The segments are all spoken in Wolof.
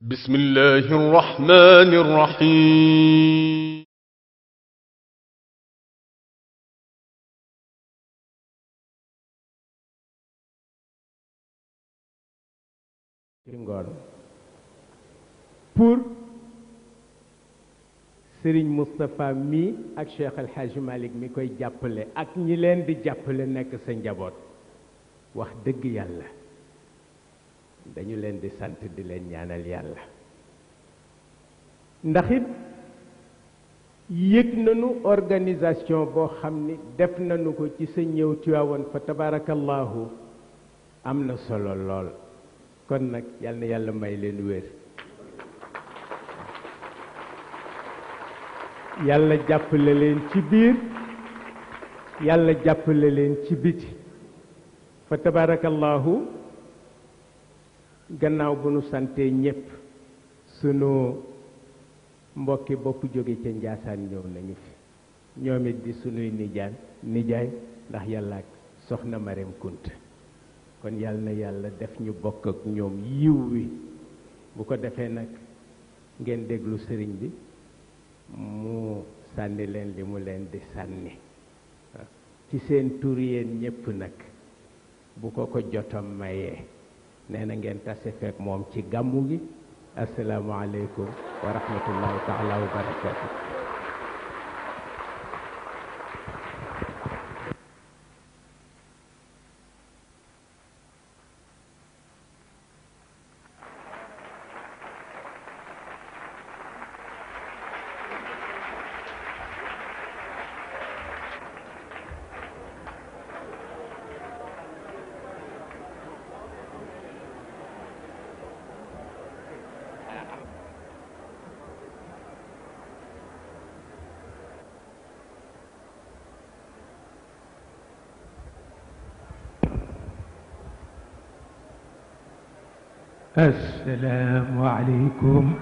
bismillahi rahmaani rahiim pour sëriñ Moustapha mi ak Cheikh El Hadj mi koy jàppale ak ñileen leen di jàppale nekk sa njaboot wax dëgg yàlla dañu leen di sant di leen ñaanal yàlla ndaxit it yëg nañu organisation boo xam ni def nañu ko ci sa ñëw Tiwaawan fa tabaarakallaahu am na solo lool kon nag yal yàlla may leen wér yàlla jàppale leen ci biir yàlla jàppale leen ci biti fa tabaarakallaahu gannaaw bu nu santee ñépp sunu mbokki bopp jóge ca njaasaan ñëw nañu fi ñoom it di sunuy nijaan nijaay ndax yàlla soxna Mareem Kunta kon yàlla na yàlla def ñu bokk ak ñoom yiw bu ko defee nag ngeen déglu sëriñ bi mu sànni leen li mu leen di sànni ci seen tur yéen ñépp nag bu ko ko jotam mayee nee na ngeen tase fekk moom ci gàmmu gi asalaamaaleykum wa rahmatullahi taala wa barakatu السلام عليكم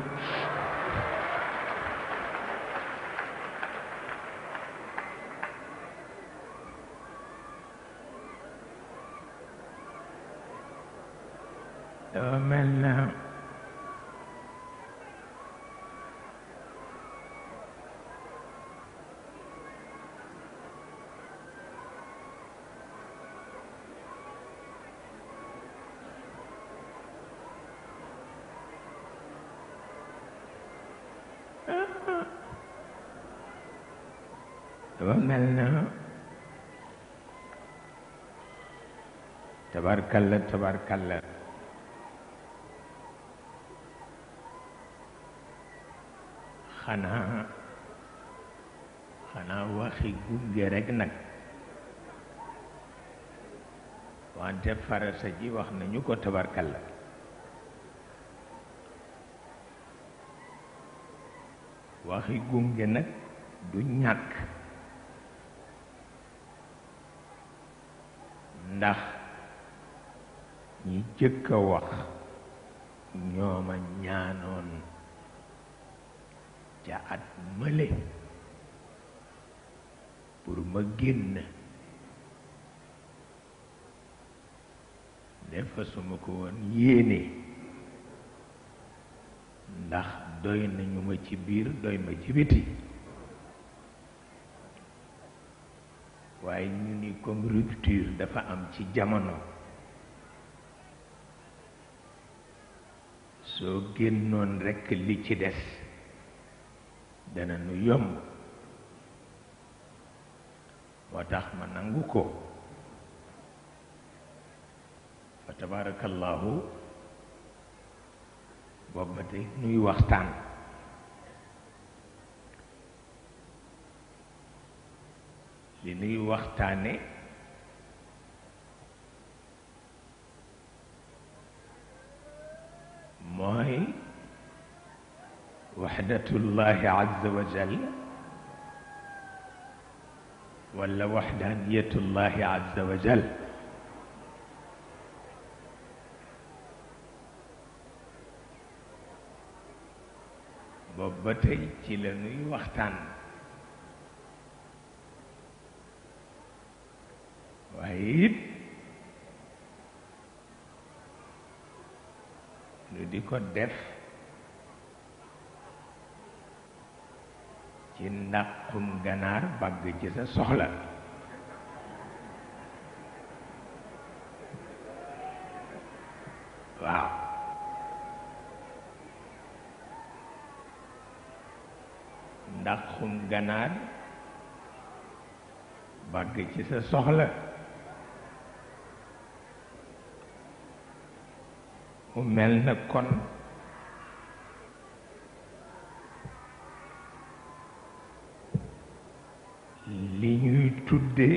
tabarkalla tabarkalla xanaa xanaa waxi gunge rekk nag wante farasa ji wax nañu ko tabarkalla waxi gunge nag du ñàkk ndax ñi jëkk a wax ñooma ñaanoon ca at mële pour ma génn defa suma ko woon yéene ndax doy nañu ma ci biir doy ma ci biti waaye ñu ni comme rupture dafa am ci jamono soo génnoon rekk li ci des dana nu yomb moo tax ma nangu ko fa tabaarakallaahu boobu tey nuy waxtaan li nuy waxtaane mooy waxdatullahi azza wa jalla wala waxdaaniyatullahi azza wa jalla boobu ba tey ci la nuy waxtaan waaye it ñu di ko def ci nàqum ganaar bàgg ci sa soxla waaw nàqum ganaar bàgg ci sa soxla mu mel na kon li ñuy tudde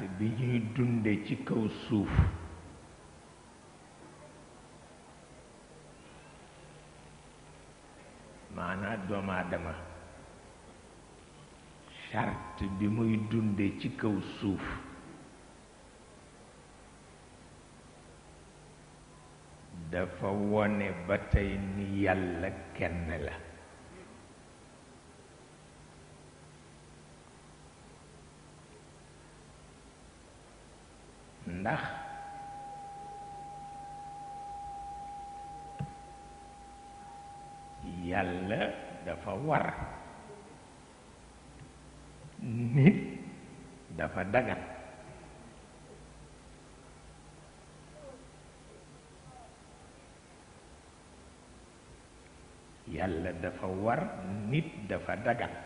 gàtt bi ñuy dunde ci kaw suuf maanaa doomu aadama bi muy dunde ci kaw suuf dafa wone ba tey ni yàlla kenn la ndax yàlla dafa war nit dafa dagan yàlla dafa war nit dafa dagan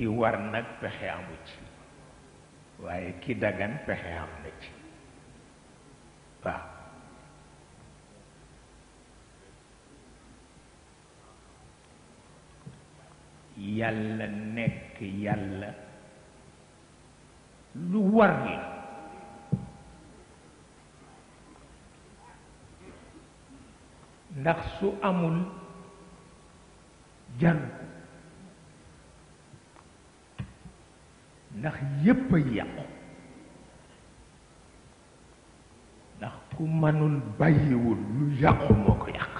ki war nag pexe amu ci waaye ki dagan pexe am na ci waaw yàlla nekk yàlla lu war la ndax su amul jarul ndax yépp a yàqu ndax ku mënul bàyyiwul lu yàqu moo ko yàq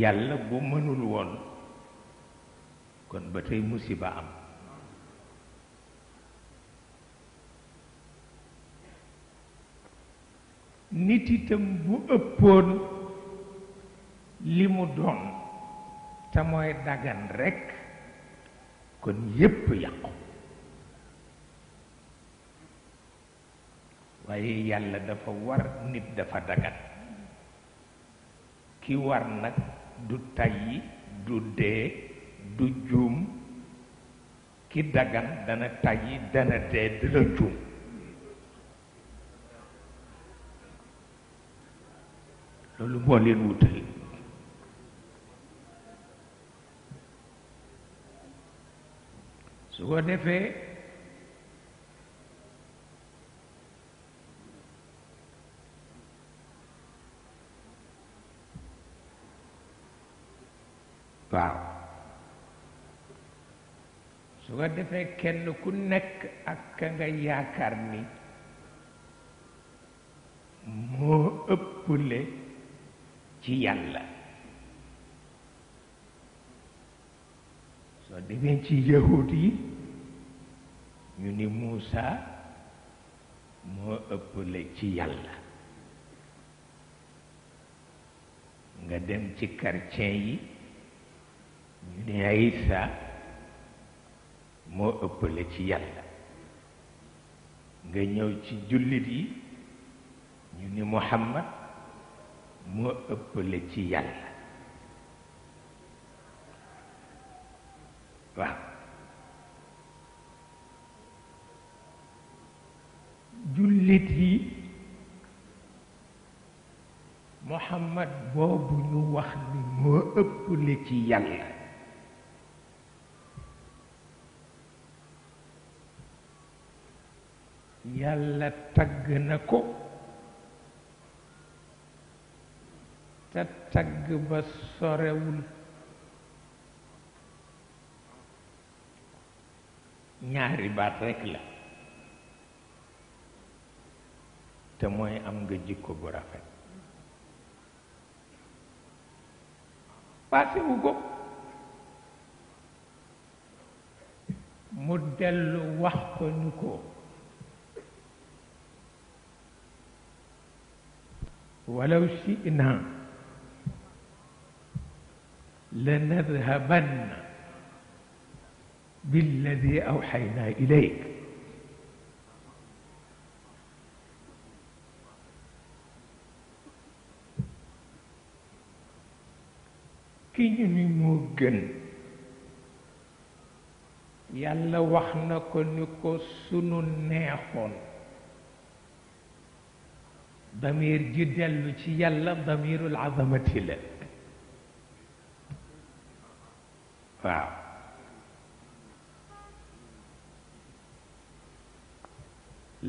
yàlla bu mënul woon kon ba tey musiba am nit itam bu ëppoon li mu doon te mooy dagan rekk kon yépp yàqu waaye yàlla dafa war nit dafa dagan ki war nag du tayyi du dee du juum ki dagan dana tayyi dana dee dana juum loolu moo leen wutal su ko defee waaw su ko defee kenn ku nekk ak ka nga yaakaar ni moo ëpple ci yàlla soo demee ci yahud yi ñu ni Muusa moo ëppale ci yàlla nga dem ci chrétien yi ñu ni Isa moo ëppale ci yàlla nga ñëw ci jullit yi ñu ni Muhammad moo ëppale ci yàlla waaw jullit yi Muhammad boobu ñu wax ni moo ëppale ci yàlla yàlla tagg na ko te tagg ba sorewul ñaari baat rekk la te mooy am nga jikko bu rafet paase wu ko mu dellu wax ko ni ko walaw shi'naa la nadhabanna billadi awxaynaa ilayk ki ñu ni moo gën yàlla wax na ko ni ko sunu neexoon damir ji dellu ci yàlla damirul azamati la waaw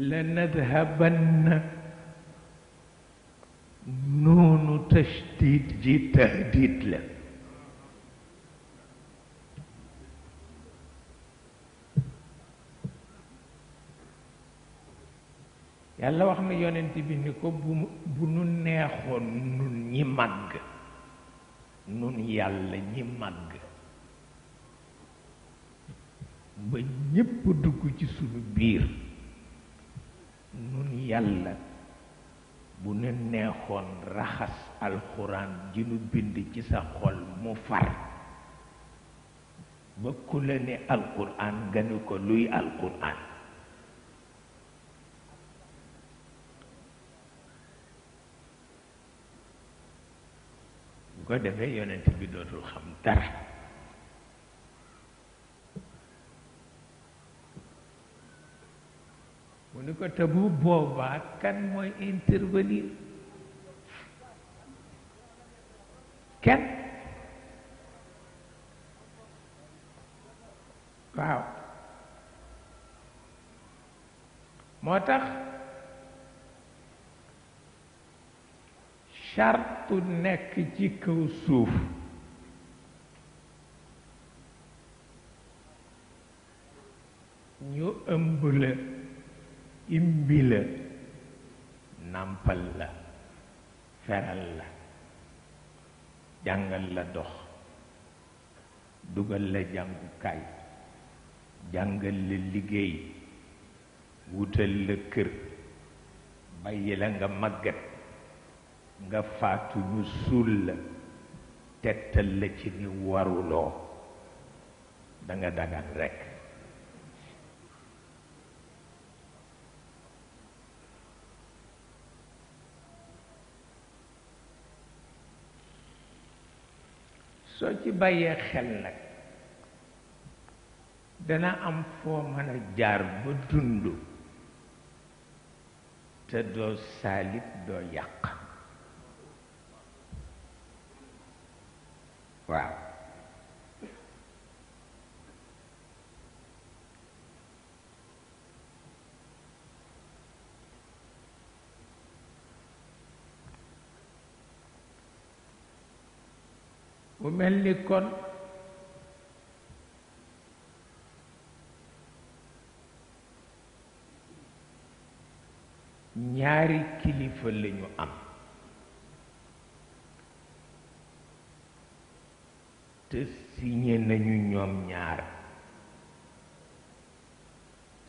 lanadhabanna noonu tashdid ji tahdid la yàlla wax na yonent bi ni ko bu bu nu neexoon nun ñi màgg nun yàlla ñi màgg ba ñépp dugg ci sunu biir nun yàlla bu nu neexoon raxas alxuraan ji nu bind ci sa xol mu far ba ku la ne alxuraan nga ni ko luy alxuraan bu ko defee yonent bi dootul xam dara mu ni ko te bu boobaa kan mooy intervenir kenn waaw moo tax sartu nekk ci kaw suuf ñu ëmb la imbi la nàmpal la feral la jàngal la dox dugal la jàngukaay jàngal la liggéey wutal la kër bàyyi la nga màggat nga faatu ñu suul la te la ci ni waruloo danga nga dagan rekk soo ci bàyyee xel nag dana am foo mën a jaar ba dund te doo saalit doo yàq waaw mu mel ni kon ñaari kilifa lañu am te signé nañu ñoom ñaar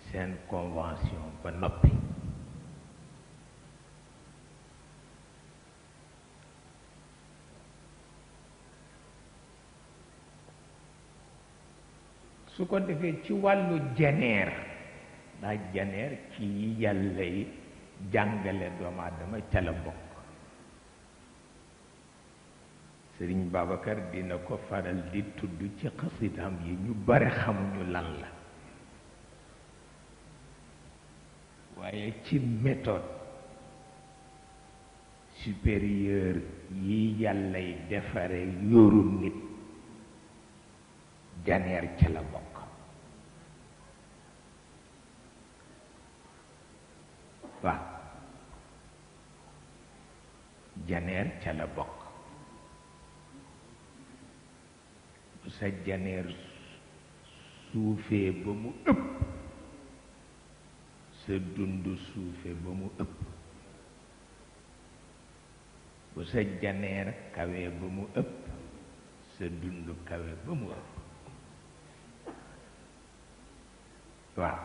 seen convention su ko defee ci wàllu jeneer daa jeneer ci yàlla yi jàngale doomu ca la bokk sëriñ Babacar dina ko faral di tudd ci xasidaam yi ñu bare xamuñu lan la waaye ci méthode supérieure yi yàllay defare yóoru nit janeer ca la bokk waaw janeer ca la bokk sa janeer suufee ba mu ëpp sa dund suufee ba mu ëpp bu sa janeer kawee ba mu ëpp sa dund kawee ba mu ëpp waaw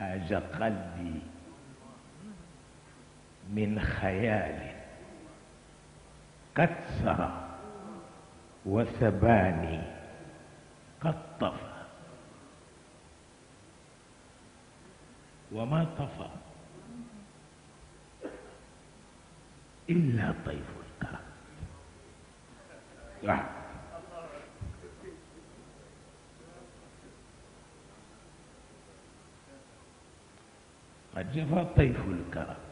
haja qalbi من خيال قد سرى وثباني قد طفى وما طفى إلا طيف الكرم قد جفى طيف الكرم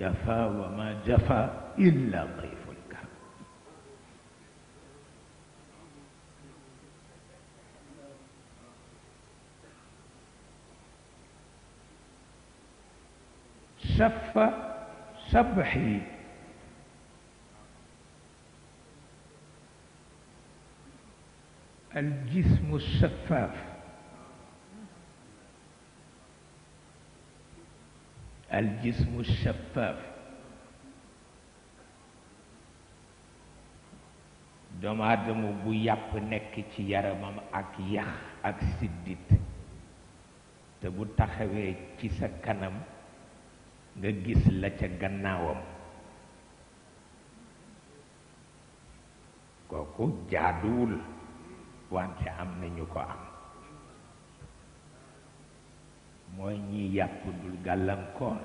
جفا وما جفا إلا ضيف الكرم سف سبحي الجسم السفاف al shafaaf doomu aadama bu yàpp nekk ci yaramam ak yax ak siddit te bu taxawee ci sa kanam nga gis la ca gannaawam kooku jaaduwul wante am nañu ko am mooy ñii yàpp dul gàllankoor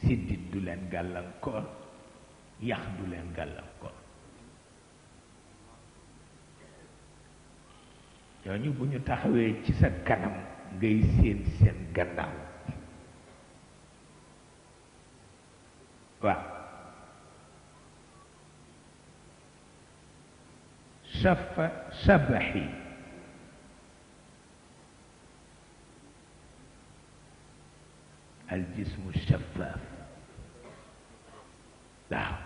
siddit du leen gàllankoor yax du leen gàllankoor ñooñu bu ñu taxawee ci sa kanam ngay séen seen gannaaw waaw safa sabaxi al jismu shafaaf waaw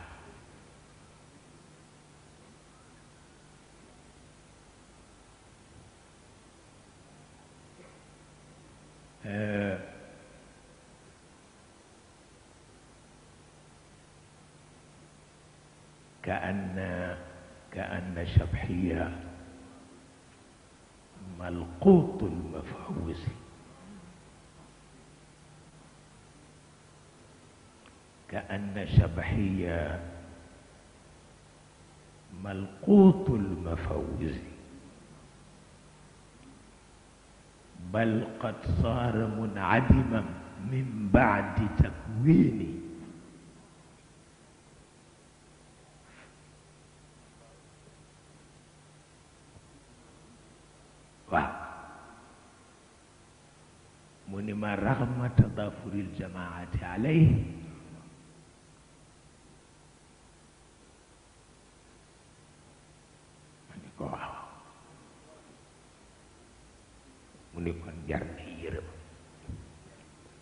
كأن كأن شبحية ملقوط المفعوس كأن شبحية ملقوط المفوز بل قد صار منعدما من بعد تكوينه mu ni ma raxma tadaafuri aljamaati alayhi kon jar na yërëm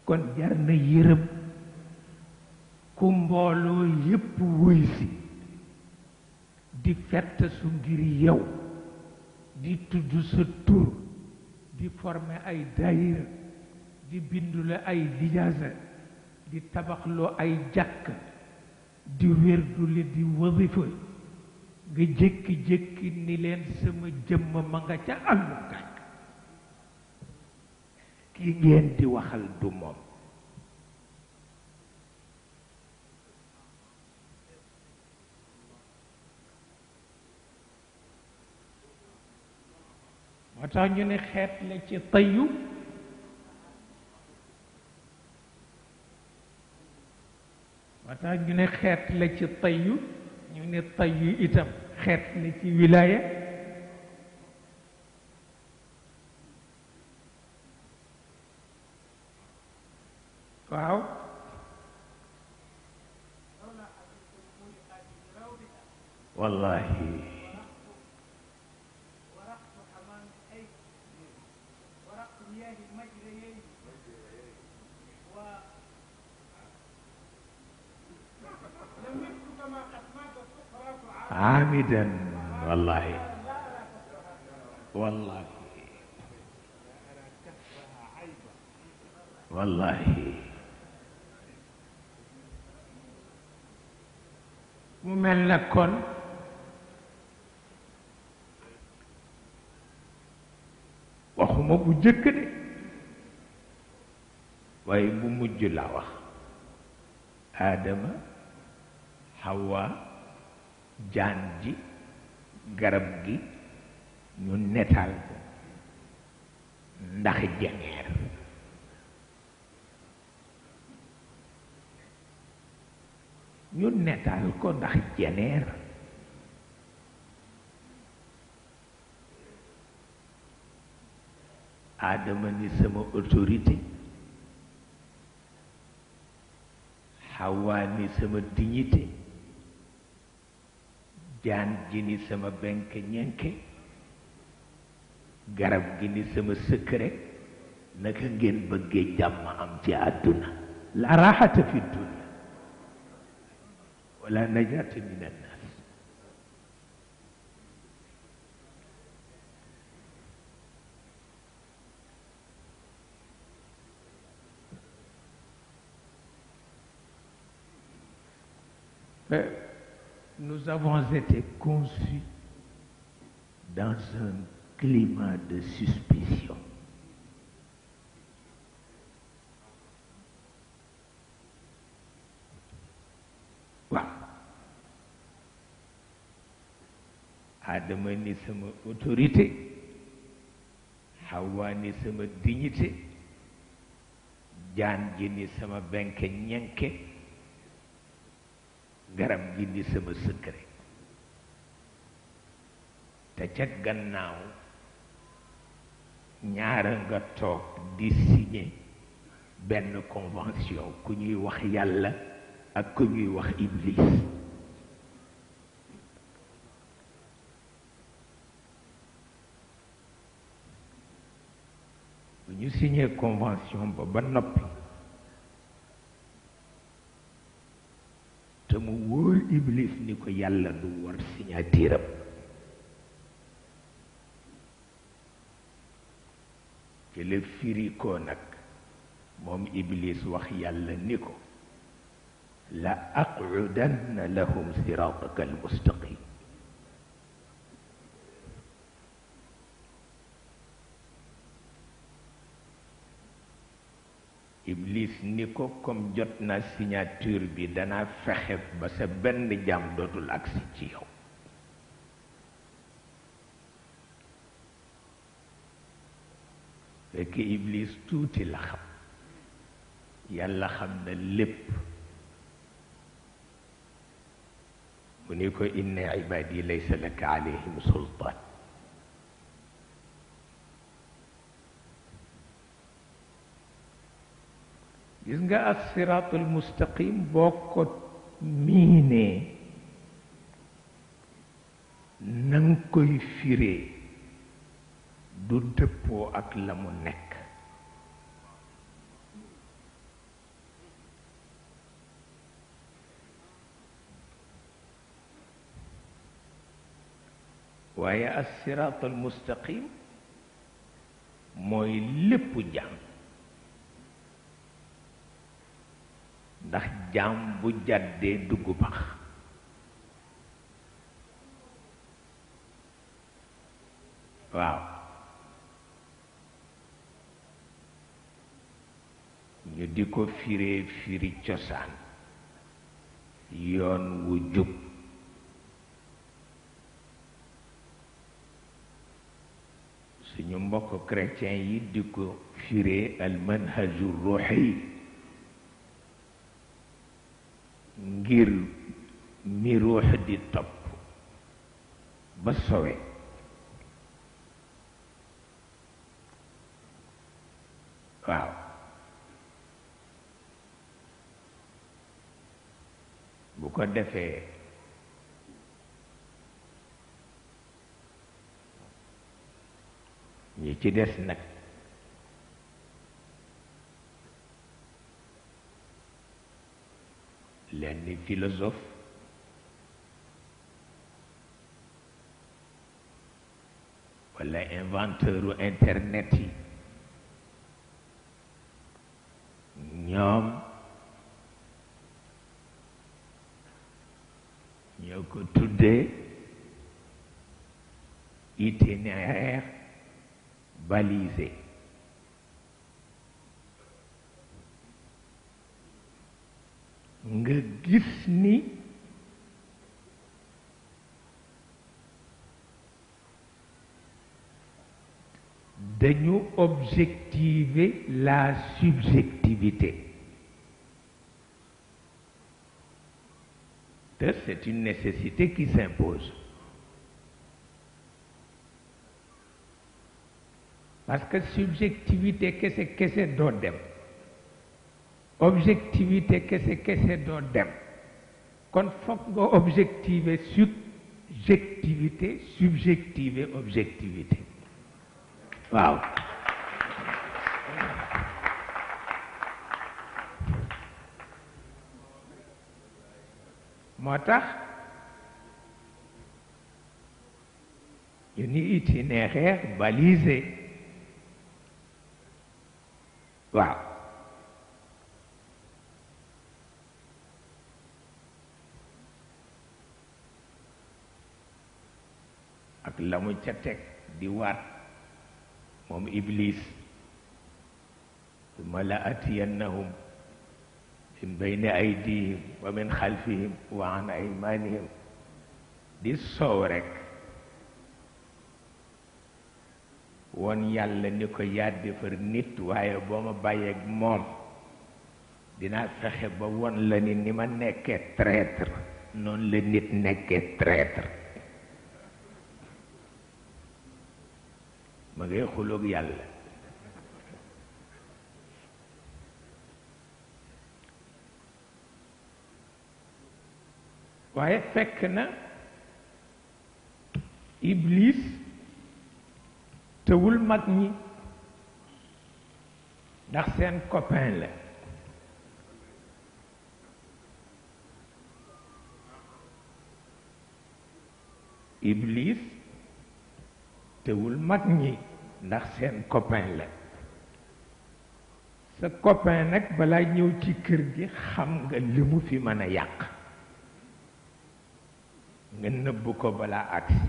kon jar na yërëm ku mbooloo yépp wuy si di fett su ngir yow di tudd sa tur di forme ay daayira di bindule ay lijaasa di tabaxloo ay jàkk di wérdule di wasifa nga jékki-jékki ni leen sama jëmm ma nga ca àllukaay ki ngeen di waxal du moom moo tax ñu ne xeet la ci tayu moo tax ñu ne xeet la ci tayu ñu ne tayu itam xeet la ci wilaaya wallahi عامدا والله والله والله mu mel na kon waxuma bu jëkk de waaye bu mujj laa wax aadama xawwa jaan ji garab gi ñu netaal ko ndax jangeer ñu netaal ko ndax janeer aadama ni sama autorité xawaa ni sama dignité jaan gi ni sama benk ñenke garab gi ni sama secret naka ngeen bëggee jàmm am ci àdduna la raxata fi dunia wala najaata min annar nous avons été conçus dans un climat de suspicion. waaw ni sama autorité Hawa ni sama dignité jaan ji sama benke ñenke garab gi di sama secret te ca gannaaw ñaara nga toog di signé benn convention ku ñuy wax yàlla ak ku ñuy wax iblis bu ñu signé convention ba ba noppi mu wóor iblis ni ko yàlla du war signature am te la firi ko nag moom iblis wax yàlla ni ko la aqudanna lahum sirataka almustaqim iblis ni ko comme jot na signature bi danaa fexe ba sa benn jaam dootul agsi ci yow fekk iblis tuuti la xam yàlla xam na lépp mu ni ko inna ibadi laysa laka alayhim sultaan gis nga asiraatul mustaqim boo ko miinee na koy firee du dëppoo ak la waaye nekk waaye asiraatul mustaqim mooy lépp jàmm ndax jaam bu jàddee dugg pax waaw ñu di ko firee firi cosaan yoon wu jub suñu mbokk chrétien yi di ko firee al manhaju ruuxi ngir mi ruux di topp ba sowe waaw bu ko defee ñi ci des nag benn philosophe walla inventeur u internet ñoom ñoo ko tudde itinéraire balisé nga gis ni dañu objectiver la subjectivité te c'est une nécessité qui s'impose parce que subjectivité kese kese doo dem objectivité kese kese doo dem kon foog nga objectiver subjectivité subjectiver objectivité waaw moo tax ñu ni itinéraire balisé waaw ak la mu ca teg di waat moom iblis summa la atiyannahum min bayni aydihim wa min xalfihim wa an aymanihim di soow rek woon yàlla ni ko yaa defar nit waaye boo ma bàyyeeg moom dinaa fexe ba won la ni ni ma nekkee traître noonu la nit nekkee traître ma ngay xuloog yàlla waaye fekk na iblis tewul mag ñi ndax seen copain la iblis tewul mag ñi ndax seen copain la sa copain nag balaa ñëw ci kër gi xam nga li mu fi mën a yàq nga nëbb ko balaa agsi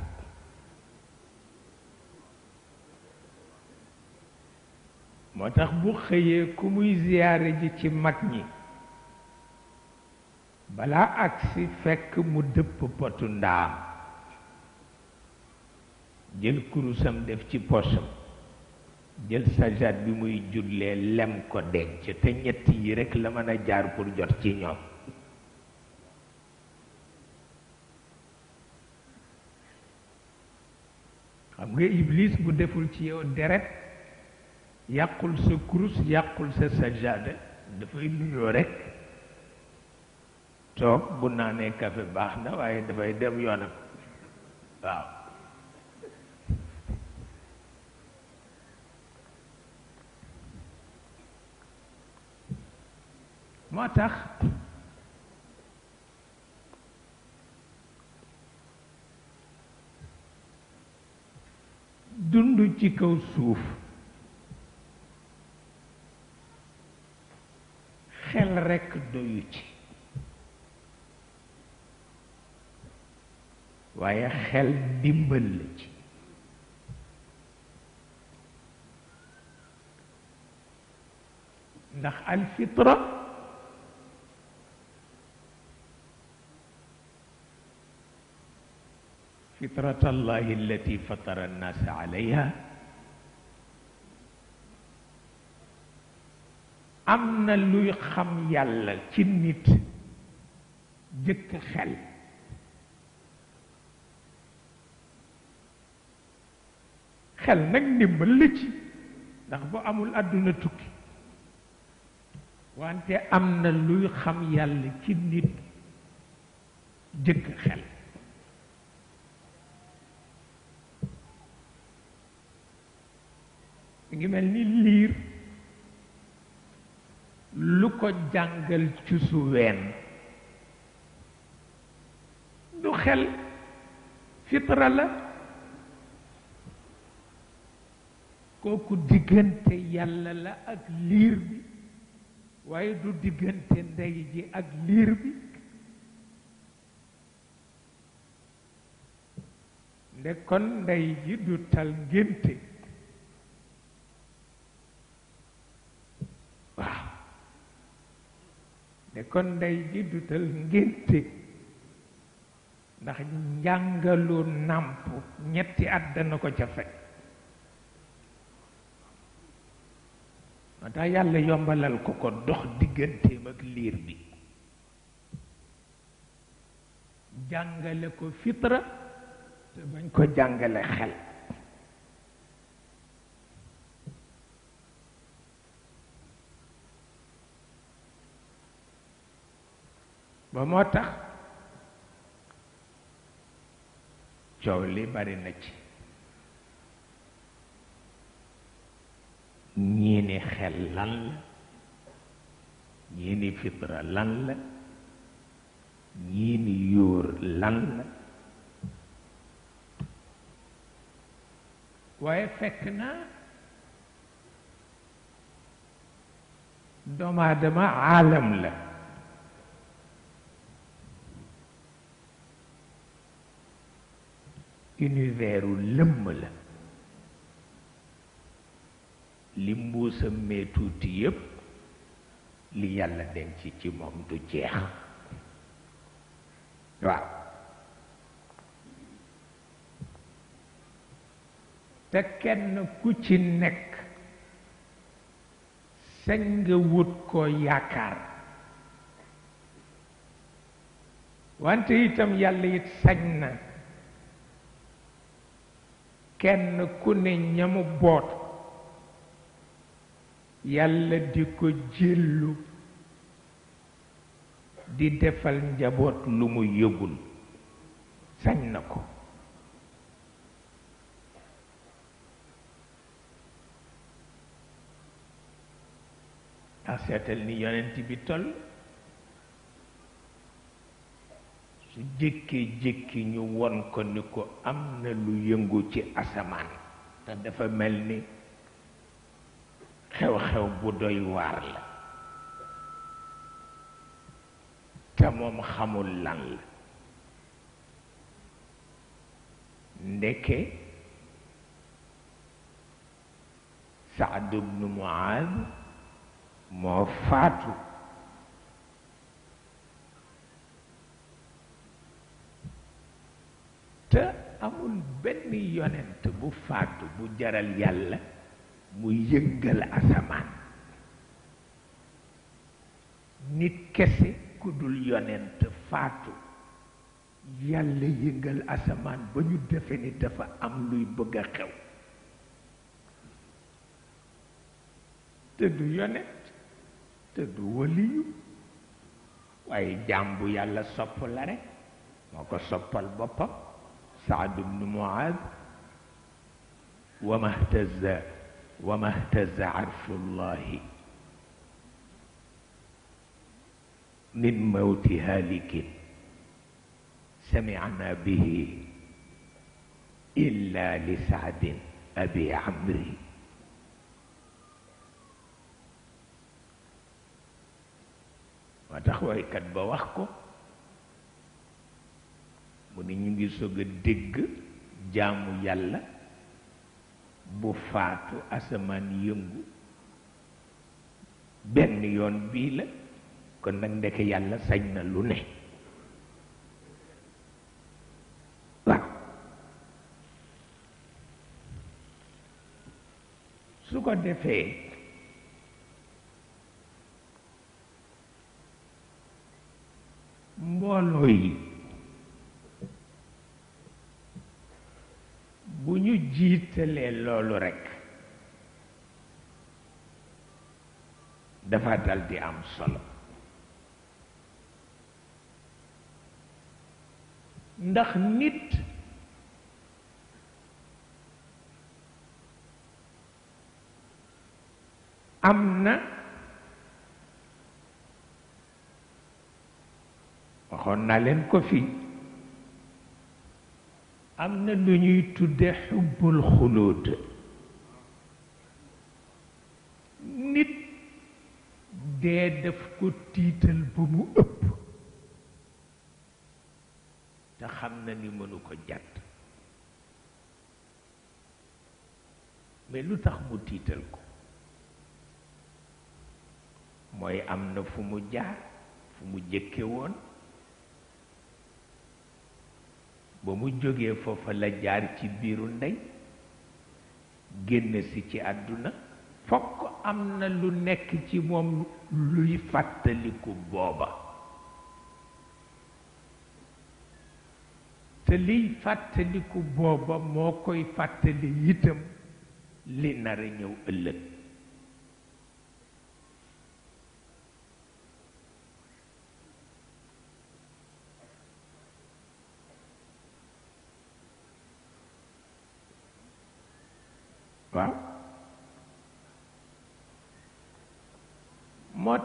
moo tax bu xëyee ku muy ziyaare ji ci mag ñi balaa agsi fekk mu dëpp potu ndaam jël kurusam def ci poosam jël sajaat bi muy jullee lem ko denc te ñett yi rekk la mën a jaar pour jot ci ñoom xam nga iblis bu deful ci yow deret yàqul sa kurus yàqul sa sajaada dafay nuyoo rekk toog bu naanee kafe baax na waaye dafay dem yoonam waaw moo tax dund ci kaw suuf xel rekk doyu ci waaye xel dimbal la ci ndax alfitra fitrata allahi allati fatara annaasa alayha am na luy xam yàlla ci nit jëkk xel xel nag ndimbal la ci ndax bu amul àdduna tukki wante am na luy xam yàlla ci nit jëkk xel mi ngi mel ni liir lu ko jàngal ci suween du xel fitra la kooku diggante yàlla la ak liir bi waaye du diggante ndey ji ak liir bi nde kon ndey ji du tal ngénte ne kon ndey ji dutal ngénte ndax njàngalu nàmp ñetti at dana ko ca fekk moo tax yàlla yombalal ko ko dox digganteem ak liir bi jàngale ko fitra te bañ ko jàngale xel ba moo tax coow li bari na ci ñii ni xel lan la ñii ni fitra lan la ñii ni yóor lan la waaye fekk na doomu aadama aalam la univers u lëmm la li mbuusam tuuti yépp li yàlla denc ci moom du jeex waaw te kenn ku ci nekk sañ nga wut koo yaakaar wante itam yàlla it sañ na kenn ku ne ñamu boot yàlla di ko jëllu di defal njaboot lu mu yëgul sañ na ko a seetal ni yonent bi toll su jékki jëkki ñu won ko ni ko am na lu yëngu ci asamaan te dafa mel ni xew-xew bu doy waar la te moom xamul lan la ndeke Saad ibnu Muaaz moo faatu te amul benn yonent bu faatu bu jaral yàlla mu yëngal asamaan nit kese ku dul yonent faatu yàlla yëngal asamaan ba ñu defe ni dafa am luy bëgg a xew te du yonent te du waliyu waaye jaam bu yàlla sopp la rekk moo ko soppal boppam saad bnu muaad wa ma htaza wa ma htaza arfullahi min mawti halikin samicna bihi illa li saadin abi amri ma tax waykat ba wax ko mu ne ñu ngi soog a dégg jaamu yàlla bu faatu asamaan yëngu benn yoon bii la kon nag ndeke yàlla sañ na lu ne su ko defee mbooloo yi bu ñu jiitalee loolu rekk dafa dal di am solo ndax nit am na waxoon naa leen ko fii am na lu ñuy tudde xubbul nit dee def ko tiital ba mu ëpp te xam na ni mënu ko jàtt mais lu tax mu tiital ko mooy am na fu mu jaar fu mu jëkke woon ba mu jógee foofa la jaar ci biiru ndey génn si ci àdduna fokk am na lu nekk ci moom luy fàttaliku booba te liy fàttaliku booba moo koy fàttali itam li nara ñëw ëllëg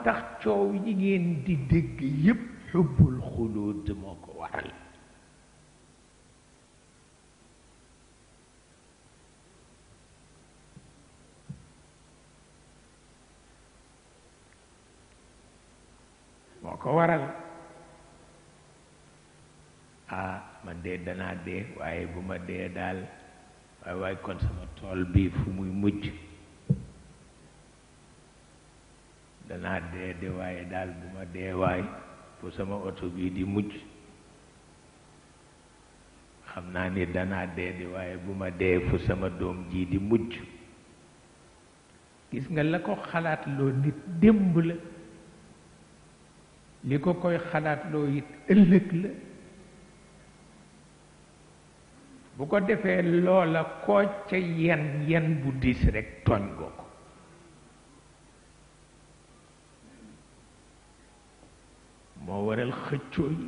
tax coow yi ngeen di dégg yépp xubbul moo ko waral ko waral ah man dee danaa dee waaye bu ma dee daal waaye waaye kon sama tool bi fu muy mujj danaa dee de waaye daal bu ma dee waay bu sama oto bii di mujj xam naa ni danaa dee de waaye bu ma dee fu sama doom jii di mujj gis nga la ko xalaat loo nit démb la li ko koy xalaat loo it ëllëg la bu ko defee loola koo ca yen yen bu diis rekk tooñ ko moo waral xëccoo yi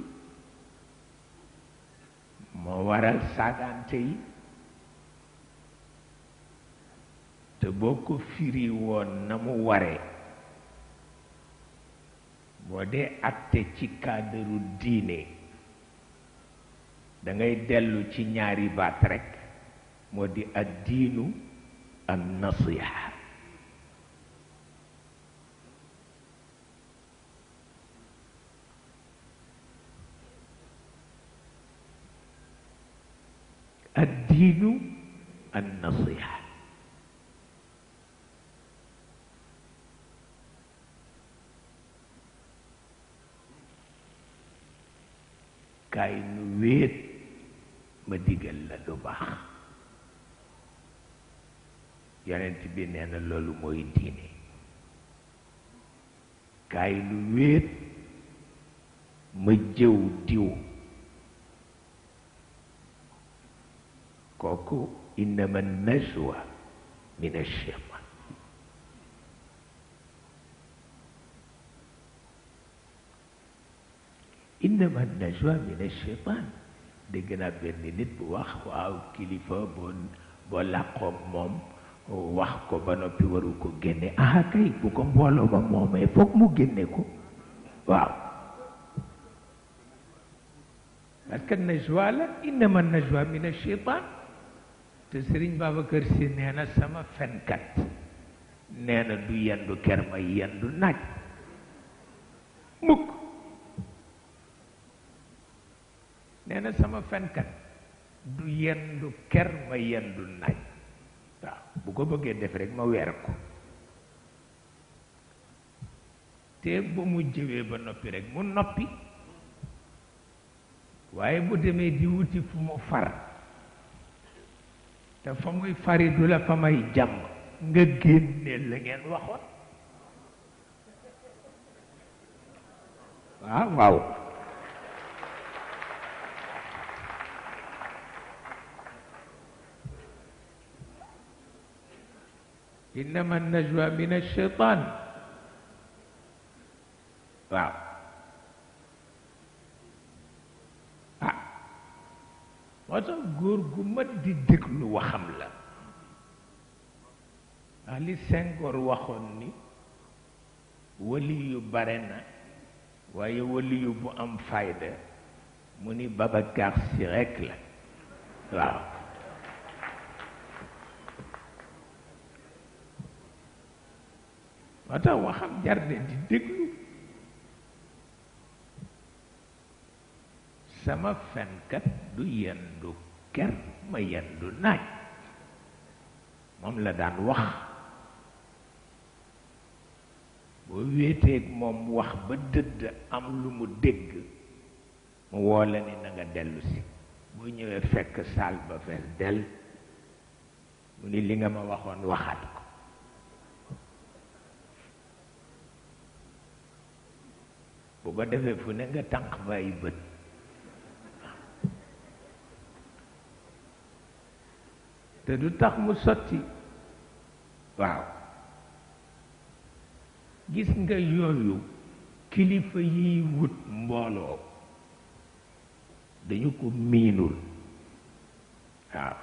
moo waral saagante yi te boo ko firi na mu waree moo dee atte ci cadre diine da ngay dellu ci ñaari baat rekk moo di ad diinu an nasiha الدين النصيحة kaay nu wéet ma digal la lu baax yonent bi nee na loolu mooy diine kaay nu wéet ma jëw diw kooku innama najwa min ash-shaytan innama najwa min ash-shaytan dégg naa benn nit bu wax waaw kilifa boo boo làqoom moom wax ko ba noppi waru ko génne ah kay bu ko mbooloo ma moomee foog mu génne ko waaw parce najwa la innama najwa min ash-shaytan te sëriñ Babacar si nee na sama fenkat nee na du yendu ker ma yendu naaj mukk nee na sama fenkat du yendu ker ma yendu naaj waaw bu ko bëggee def rek ma weer ko te ba mu jëwee ba noppi rek mu noppi waaye bu demee di wuti fu mu far te fa muy faridu la fa may jàmm nga génne la ngeen waxoon waaw ah, waaw innama najwa min ash-shaytan waaw moo tax góor gu mat di déglu waxam la ndax li Senghor waxoon ni wali yu bare na waaye wali yu bu am fayda mu ni Babacar Sy rekk la waaw moo tax waxam jar na di déglu sama fenkat du yendu ker ma yendu naaj moom la daan wax boo wéeteeg moom wax ba dëdd am lu mu dégg mu woo la ni na nga dellu si boo ñëwee fekk saal ba fees dell mu ni li nga ma waxoon waxaat ko bu ko defee fu ne nga tànq bàyyi bët te du tax mu sotti waaw gis nga yooyu kilifa yiy wut mbooloo dañu ko miinul waaw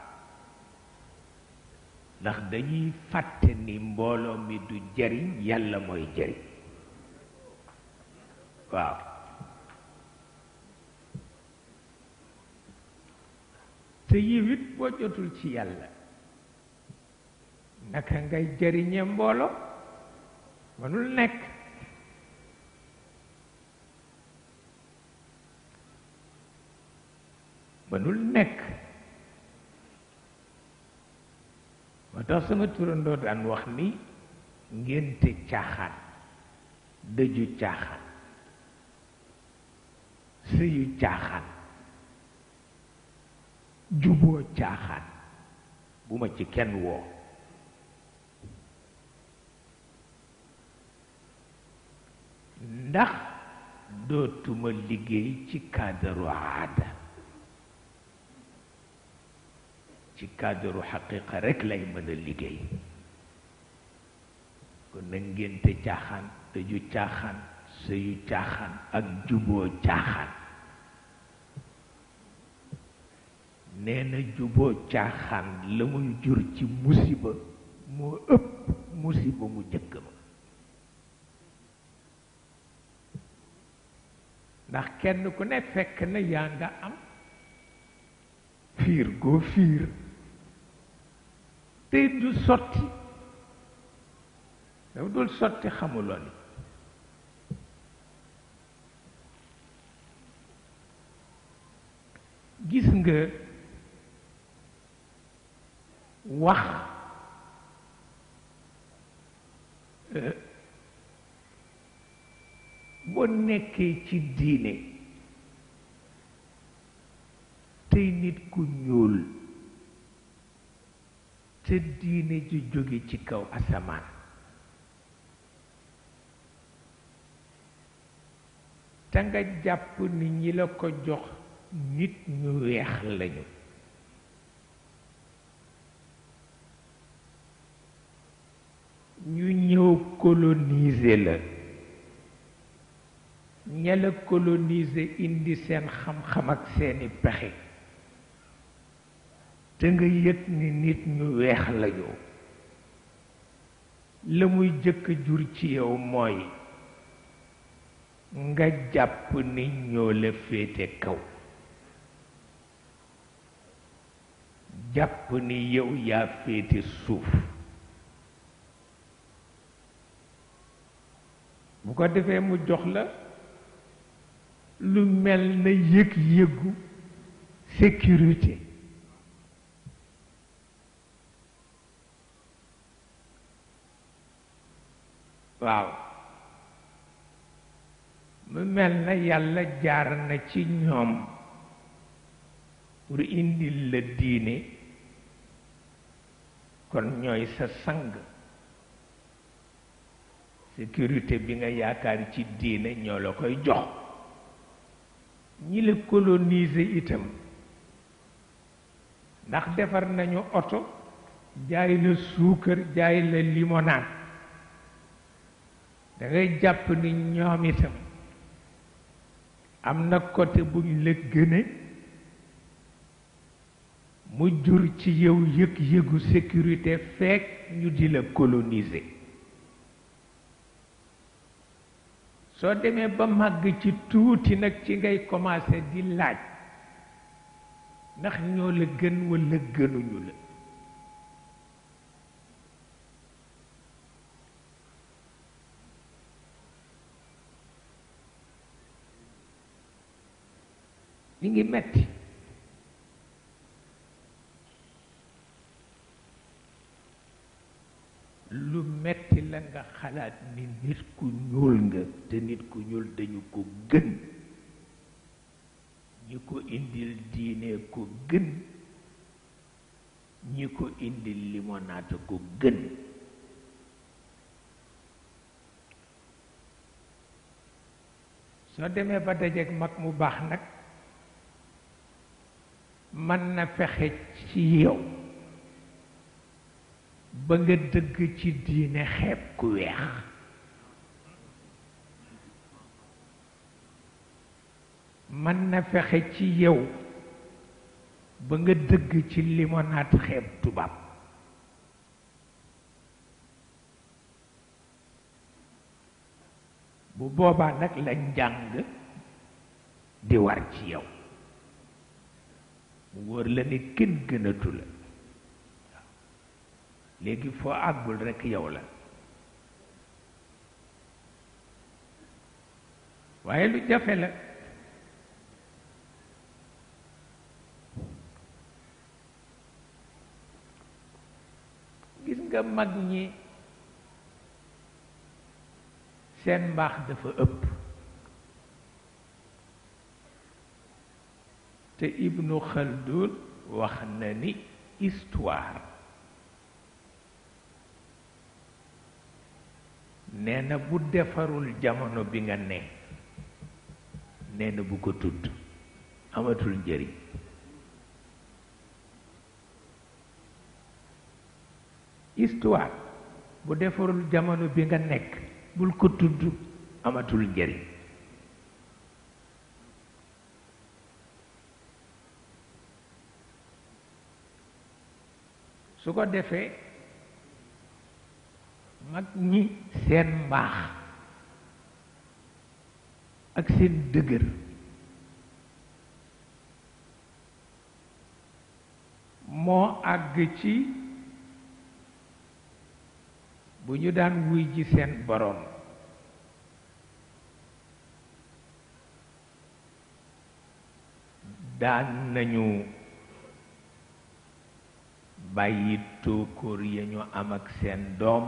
ndax dañuy fàtte ni mbooloo mi du jariñ yàlla mooy jariñ waaw te yiw it ci yàlla naka ngay jëriñe mbooloo mënul nekk mënul nekk moo tax sama turandoo daan wax ni ngénte caaxaan dëju caaxaan sëyu caaxaan juboo caaxaan bu ma ci kenn woo ndax dootuma liggéey ci cadre aada ci cadre xaqiqa rekk lay mën a liggéey kon na ngénte caaxaan tëju caaxaan sëyu caaxaan ak juboo caaxaan nee na juboo caaxaan la muy jur ci musiba moo ëpp musiba mu jëkk ma ndax kenn ku ne fekk na yaa nga am fiir goo fiir te du sotti dafa dul sotti xamuloon yi gis nga wax eh, boo nekkee ci diine tey nit ku ñuul te diine ji jóge ci kaw asamaan te nga jàpp ni ñi la ko jox nit ñu weex lañu ñu ñëw coloniser la ña la indi seen xam-xam ak seeni pexe te nga yëg ni nit ñu weex lañu la muy jëkk jur ci yow mooy nga jàpp ni ñoo la féete kaw jàpp ni yow yaa féete suuf bu ko defee mu jox la lu mel na yëg-yëggu sécurité waaw mu mel na yàlla jaar na ci ñoom pour indil la diine kon ñooy sa sang sécurité bi nga yaakaar ci diine ñoo la koy jox ñi la coloniser itam ndax defar nañu oto jaay la suukar jaay la limonade da ngay jàpp ni ñoom itam am na côté buñ la gëne mu jur ci yow yëg-yëgu sécurité fekk ñu di la coloniser soo demee ba màgg ci tuuti nag ci ngay commencé di laaj ndax ñoo la gën wala gënuñu la li ngi metti lu metti la nga xalaat ni nit ku ñuul nga te nit ku ñuul dañu ko gën ñi ko indil diine ko gën ñi ko indil limonaat ko gën soo demee ba dajeek mag mu baax nag mën na fexe ci yow ba nga dëgg ci diine xeeb ku weex mën na fexe ci yow ba nga dëgg ci limonaat xeeb tubaab bu boobaa nag la njàng di war ci yow mu wóor la ni kenn gënatu léegi foo àggul rekk yow la waaye lu jafe la gis nga mag ñi seen mbaax dafa ëpp te Ibnu Khaldun wax na ni histoire nee bu defarul jamono bi nga ne nee na bu ko tudd amatul njëriñ histoire bu defarul jamono bi nga nekk bul ko tudd amatul njëriñ su ko defee mag ñi seen mbaax ak seen dëgër moo àgg ci bu ñu daan wuy ji seen boroom daan nañu bàyyi tóokóor ya am ak seen doom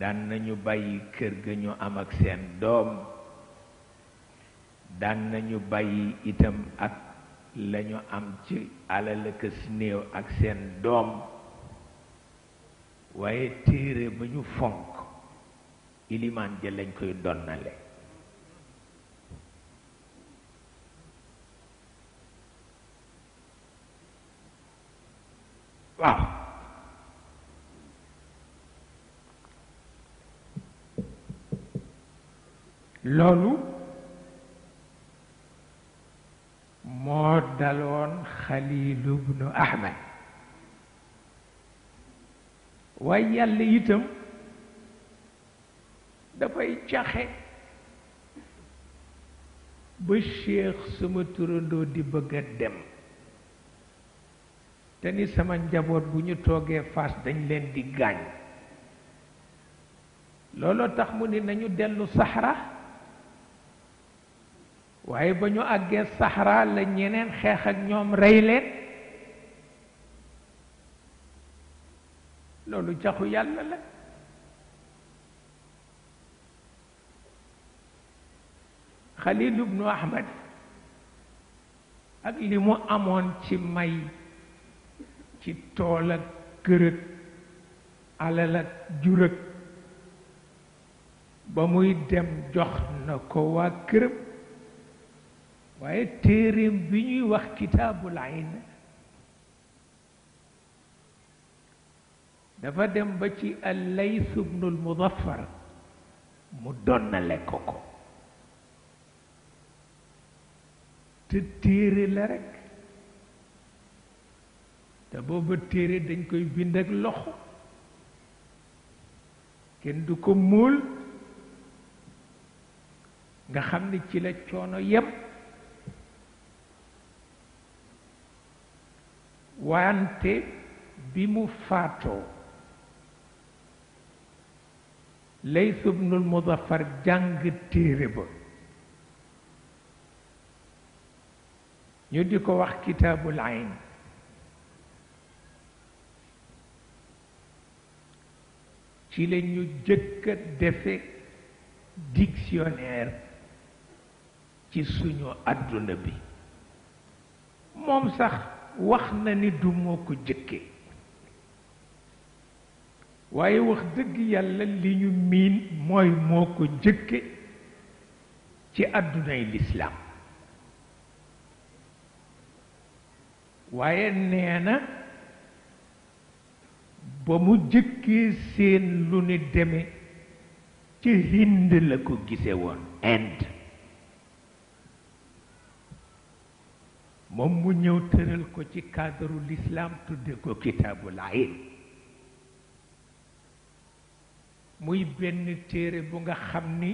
daan nañu bàyyi kër ga ñu am ak seen doom daan nañu bàyyi itam ak lañu am ci alal ak néew ak seen doom waaye téere ba ñu fonk ilimaan ja lañ koy donnale waaw loolu moo daloon xalilu bnu ahmed waaye yàlla itam dafay caxe ba cheikh sama turandoo di bëgga dem te ni sama njaboot bu ñu toogee fas dañ leen di gaañ looloo tax mu ni nañu dellu saxra waaye ba ñu àggee saxra la ñeneen xeex ak ñoom rey leen loolu jaxu yàlla la xalil ibnu ahmad ak li mu amoon ci may ci tool ak kërëg alal ak jurëg ba muy dem jox na ko waa kërëm waaye téereem bi ñuy wax kitaabul ayn dafa dem ba ci allays ibnul mudaffar mu donnale ko ko te téere la rekk te booba téere dañ koy bind ak loxo kenn du ko muul nga xam ni ci la coono yépp wante bi mu faatoo Layth ibnul Muzaffar jàng téere ba ñu di ko wax kitaabul ayn ci la ñu jëkk a defe dictionnaire ci suñu àdduna bi moom sax wax na ni du moo ko jëkke waaye wax dëgg yàlla li ñu miin mooy moo ko jëkke ci àddunay lislaam waaye nee na ba mu jëkkee seen lu ni deme ci hind la ko gise woon moom mu ñëw tëral ko ci cadre l'islam tudde ko kitaabul ayn muy benn téere bu nga xam ni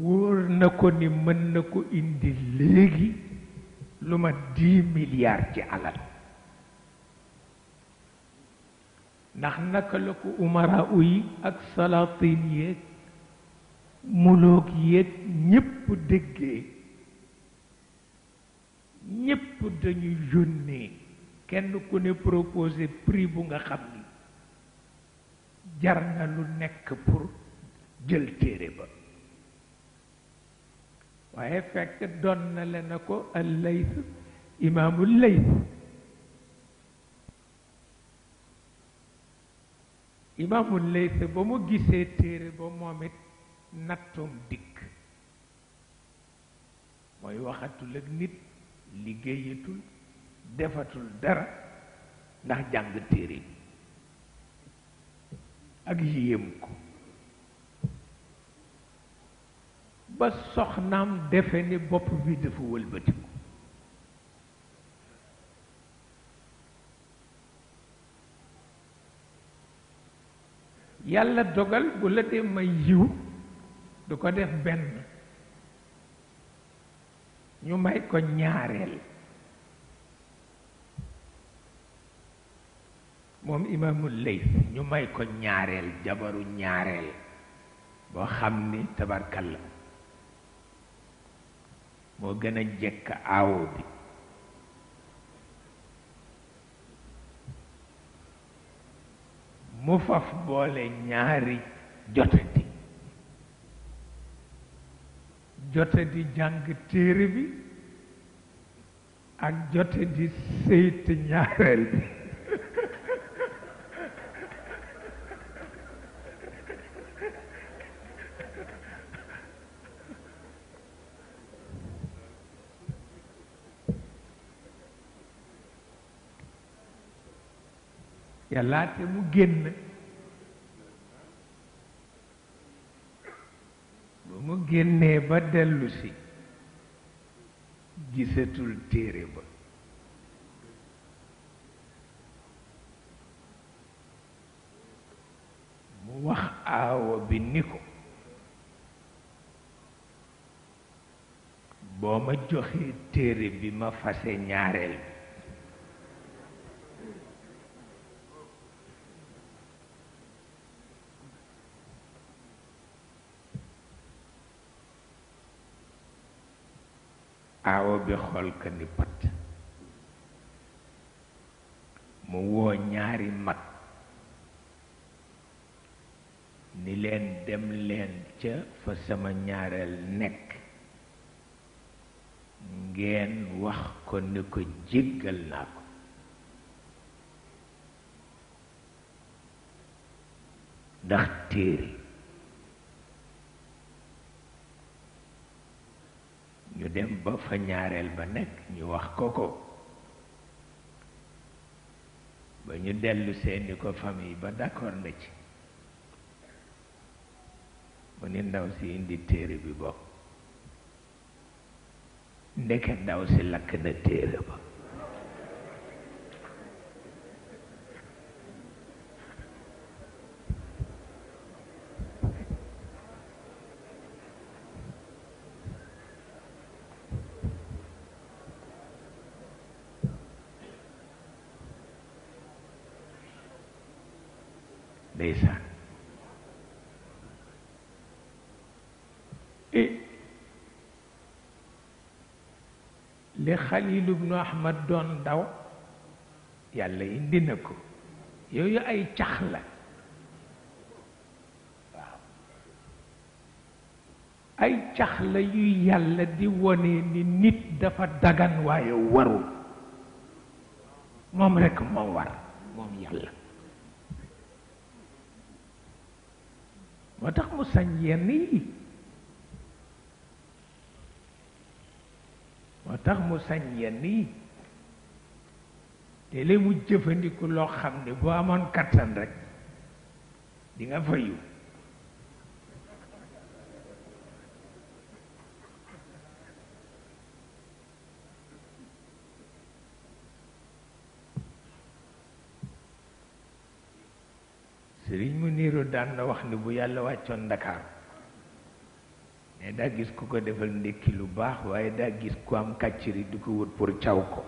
wóor na ko ni mën na ko indi léegi lu ma dix milliards ci alal ndax naka la ko umara yi ak salaatin yéeg muloog yéeg ñépp déggee ñépp dañu yónnee kenn ku ne proposé prix bu nga xam ni jar na lu nekk pour jël téere ba waaye fekk doon na le ko al layth imaamul layth ba mu gisee téere ba moom it nattoom dikk mooy waxatul ak nit liggéeyatul defatul dara ndax jàng téere ak yéem ko ba soxnaam defe ni bopp bi dafa wëlbatiku yàlla dogal bu la dee may yiw du ko def benn ñu may ko ñaareel moom imaamul Lays ñu may ko ñaareel jabaru ñaareel boo xam ni tabarkalla moo gën a jekk aawo bi mu faf boole ñaari jotati jote di jàng téere bi ak jote di seyt ñaareel bi yàllaate mu génn génnee ba dellusi gisatul téere ba mu wax aawa bi ni ko boo ma joxee téere bi ma fase ñaareel bi awo bi xool ka ni mu woo ñaari mag ni leen dem leen ca fa sama ñaareel nekk ngeen wax ko ni ko jéggal naa ko ndax téere ñu dem ba fa ñaareel ba nekk ñu wax ko ko ba ñu dellu seeni ko famille ba d'accord na ci mu ni ndaw si indi téere bi bokk ndeke ndaw si lakk na téere ba li xalilu bnu ahmad doon daw yàlla indi na ko yooyu ay cax la waaw ay cax la yu yàlla di wone ni nit dafa dagan waaye waru moom rekk moo war moom yàlla moo tax mu sañ yenn yi moo tax mu sañ yenn yi te mu jëfandiku loo xam ne boo amoon kattan rek di nga fayu sëriñ mu niiru daan na wax ni bu yàlla wàccoon Ndakaaru mais gis ku ko defal ndékki lu baax waaye daa gis am kàcciri du ko wut pour caw ko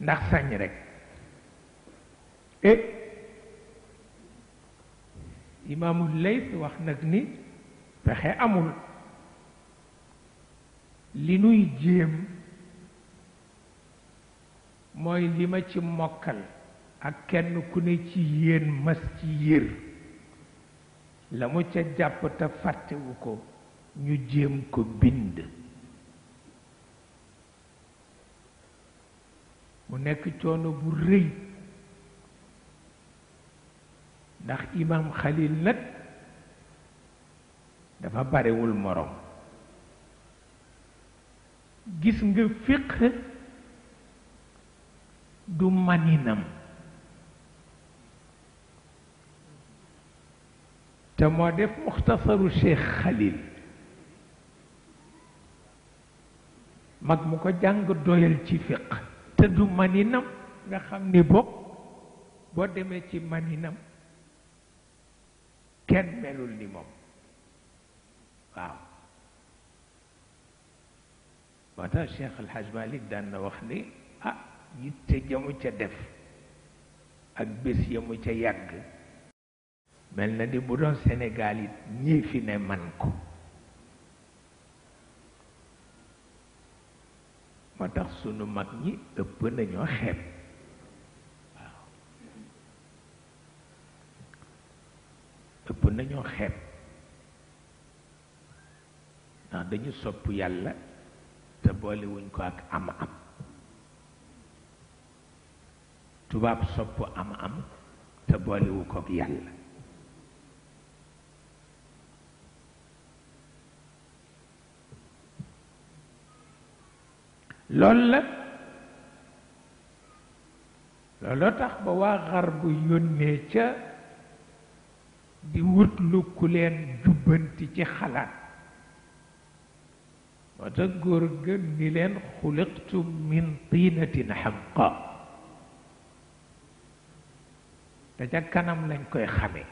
ndax sañ rek eh imaamul Layth wax nag ni pexe amul li nuy jéem mooy li ma ci mokkal ak kenn ku ne ci yéen mas ci yér la mu ca jàpp fàttewu ko ñu jéem ko bind mu nekk coono bu rëy ndax imaam Xalil nag dafa barewul morom gis nga fiq du maninam te moo def muxtasaru Cheikh Khalil mag mu ko jàng doyal ci fiq te du maninam nga xam ni bokk boo demee ci maninam kenn melul ni moom waaw moo tax Cheikh Al Hadj daan na wax ni ah yitte jamu ca def ak bés yamu ca yàgg mel na di bu doon Sénégal it ñii fi ne man ko moo tax sunu mag ñi ëpp nañoo xeeb waaw ëpp nañoo xeeb ndax dañu sopp yàlla te boolewuñ ko ak am am tubaab sopp am am te boolewu ko ak yàlla loolu la looloo tax ba waa xarbu yónnee ca di wut ku leen jubbanti ci xalaat moo tax góor gën ni leen xuliqtu min tiinatin xamqa te ca kanam lañ koy xame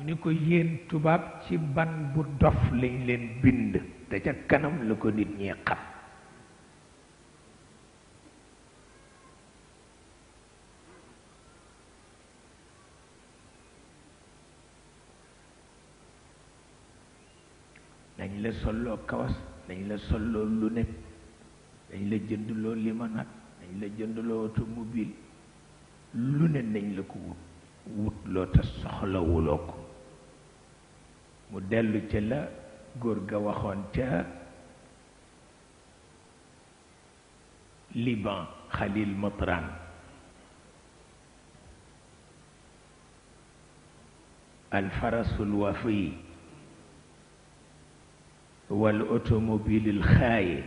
mu ni ko yéen tubaab ci ban bu dof lañ leen bind te ca kanam la ko nit ñi xam nañ la soloo kawas dañ la solloo lunette nañ la jëndloo limonade dañ la jëndloo automobile lu ne nañ la ko wut wut loo te soxlawuloo ko mu dellu ci la góor ga waxoon ca Liban Khalil Matran الفرس الوفي والأوتوموبيل الخاين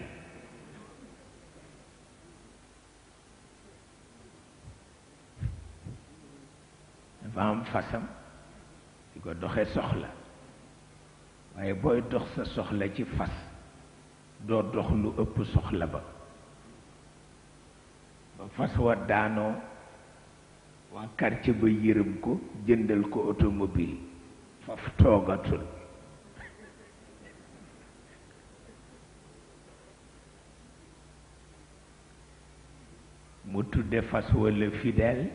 dafa am fasam di ko doxe soxla waaye booy dox sa soxla ci fas doo dox lu ëpp soxla ba ba fas wa daanoo waa quartier ba yërëm ko jëndal ko automobile faf toogatul mu tudde fas walla fidèle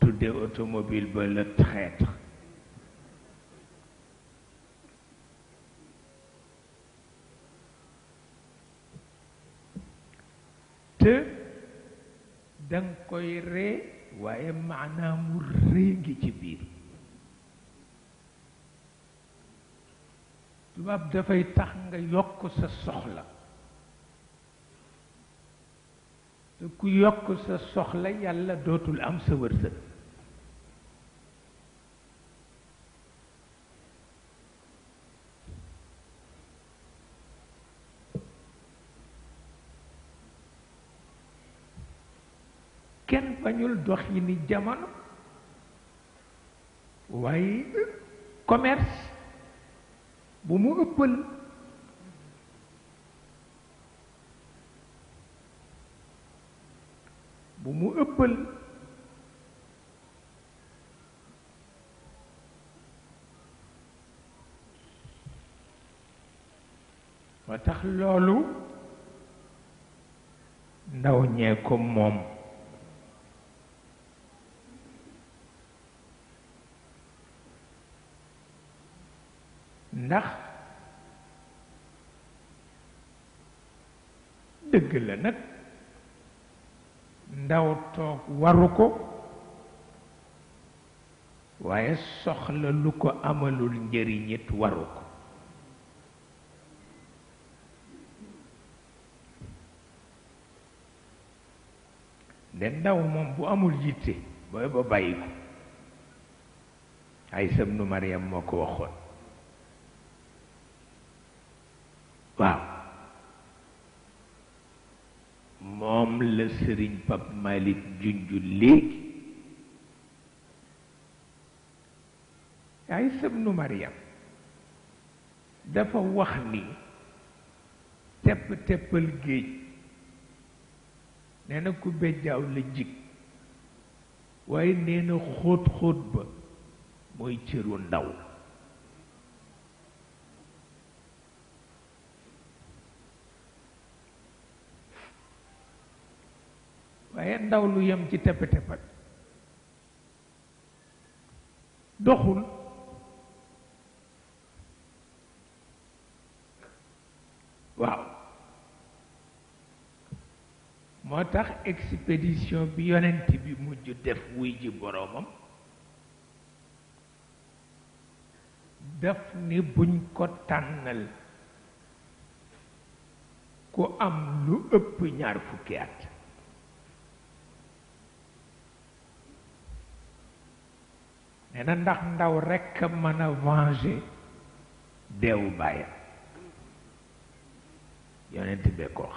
tudde automobile ba le traître te danga koy ree waaye maanaam mu rëy ngi ci biir tubaab dafay tax nga yokk sa soxla te ku yokk sa soxla yàlla dootul am sa wërsëg bañul doxini jamono waaye commerce bu mu ëppal bu mu ëppal ba tax loolu ndaw ñee ko moom ndax dëgg la nag ndaw toog waru ko waaye soxla lu ko amalul njëriñit waru ko de ndaw moom bu amul yitte booy ba bàyyi ko ay sëb nu Mariam moo ko waxoon la sëriñ Pap Malik junju léegi Iisa ibnu Maryam dafa wax ni tepp teppal géej nee na ku bejjaaw la jig waaye nee na xóot xóot ba mooy cëru ndaw waaye ndaw lu yem ci tepp doxul waaw moo tax expédition bi yonent bi mujj def wuy ji boroomam daf ni buñ ko tànnal ku am lu ëpp ñaar fukki at nee ndax ndaw rekk mën a venger deewu bàyyam yonent bee ko wax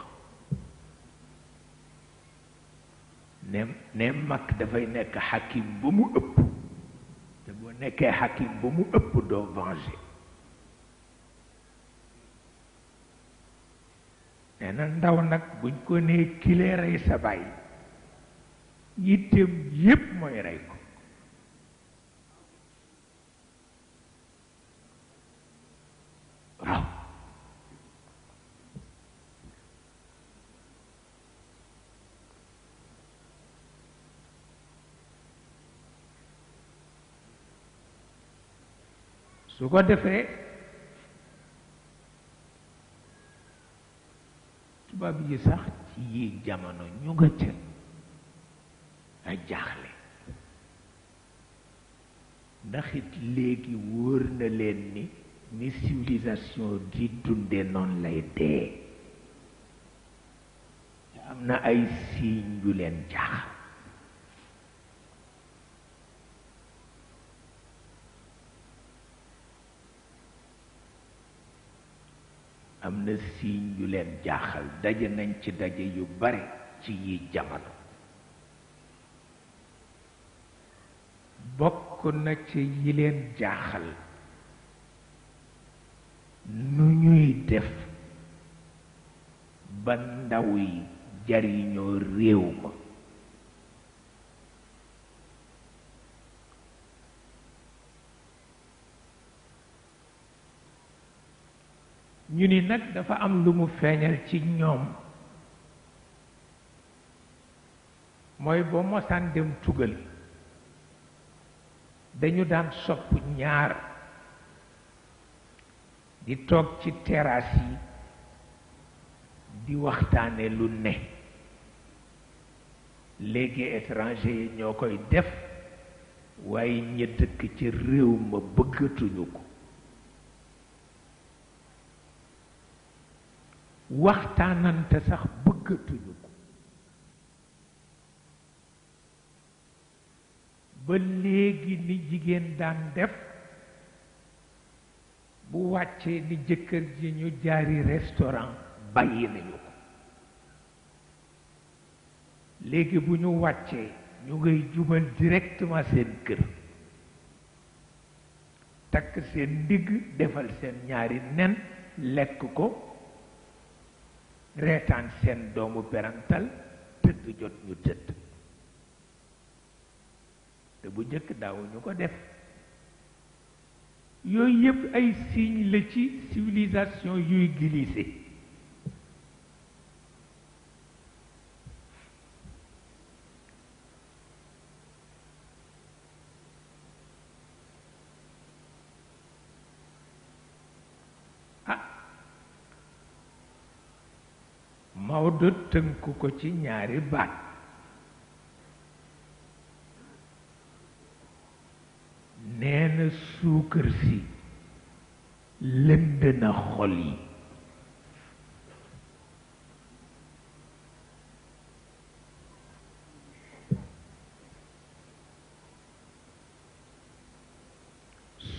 ne ne mag dafay nekk xakim ba mu ëpp te boo nekkee xakim ba mu ëpp doo venger nee ndaw nag buñ ko nee kilee rey sa baay yitteem yépp mooy rey su ko defee tubaab yi sax ci yi jamono ñu nga ca a jaaxle ndax léegi wóor na leen ni ni civilisation di dunde noonu lay dee te am na ay siiñ yu leen jaax am na siiñ yu leen jaaxal daje nañ ci daje yu bare ci yi jamono bokk na ci yi leen jaaxal nu ñuy def ba ndaw yi jariñoo réew ma ñu ni nag dafa am lu mu feeñal ci ñoom mooy boo mosaan dem tugal dañu daan sopp ñaar di toog ci teraas yi di waxtaane lu ne léegi étranger yi ñoo koy def waaye ña dëkk ci réew ma bëggatuñu ko waxtaanante sax bëggatuñu ko ba léegi ni jigéen daan def bu wàccee ni jëkkër ji ñu jaari restaurant bàyyi nañu ko léegi bu ñu wàccee ñu ngay jubal directement seen kër takk seen ndigg defal seen ñaari nen lekk ko reetaan seen doomu berantal tëdd jot ñu tëdd te bu jëkk daawuñu ko def yooyu yëpp ay signe la ci civilisation yuy glissé ah Maodo tënk ko ci ñaari baat nee na suukar si lënd na xol yi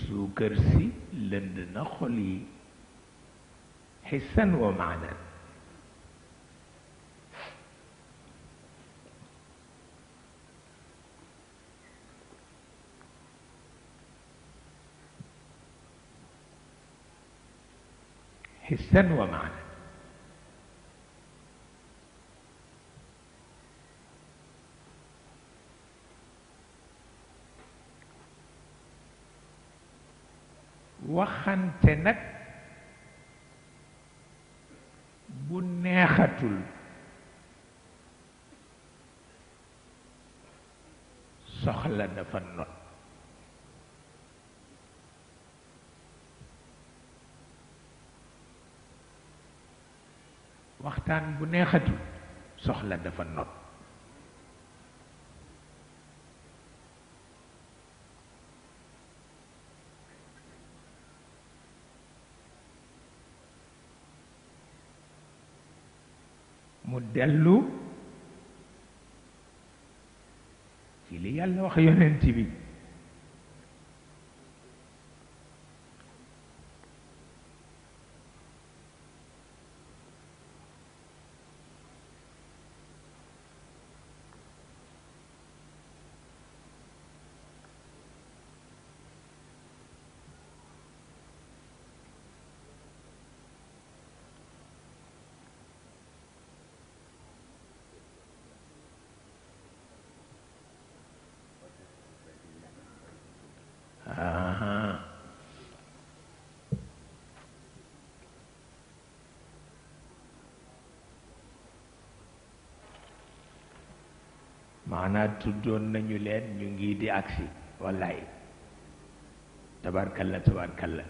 suukar si lënd na xol yi xisan wa maanan حسا ومعنى waxante nag bu neexatul soxla dafa not waxtaan bu neexatul soxla dafa not mu dellu ci li yàlla wax yonent bi maanaam tuddoon nañu leen ñu ngi di aksi wallaay tabarkalla tabarkalla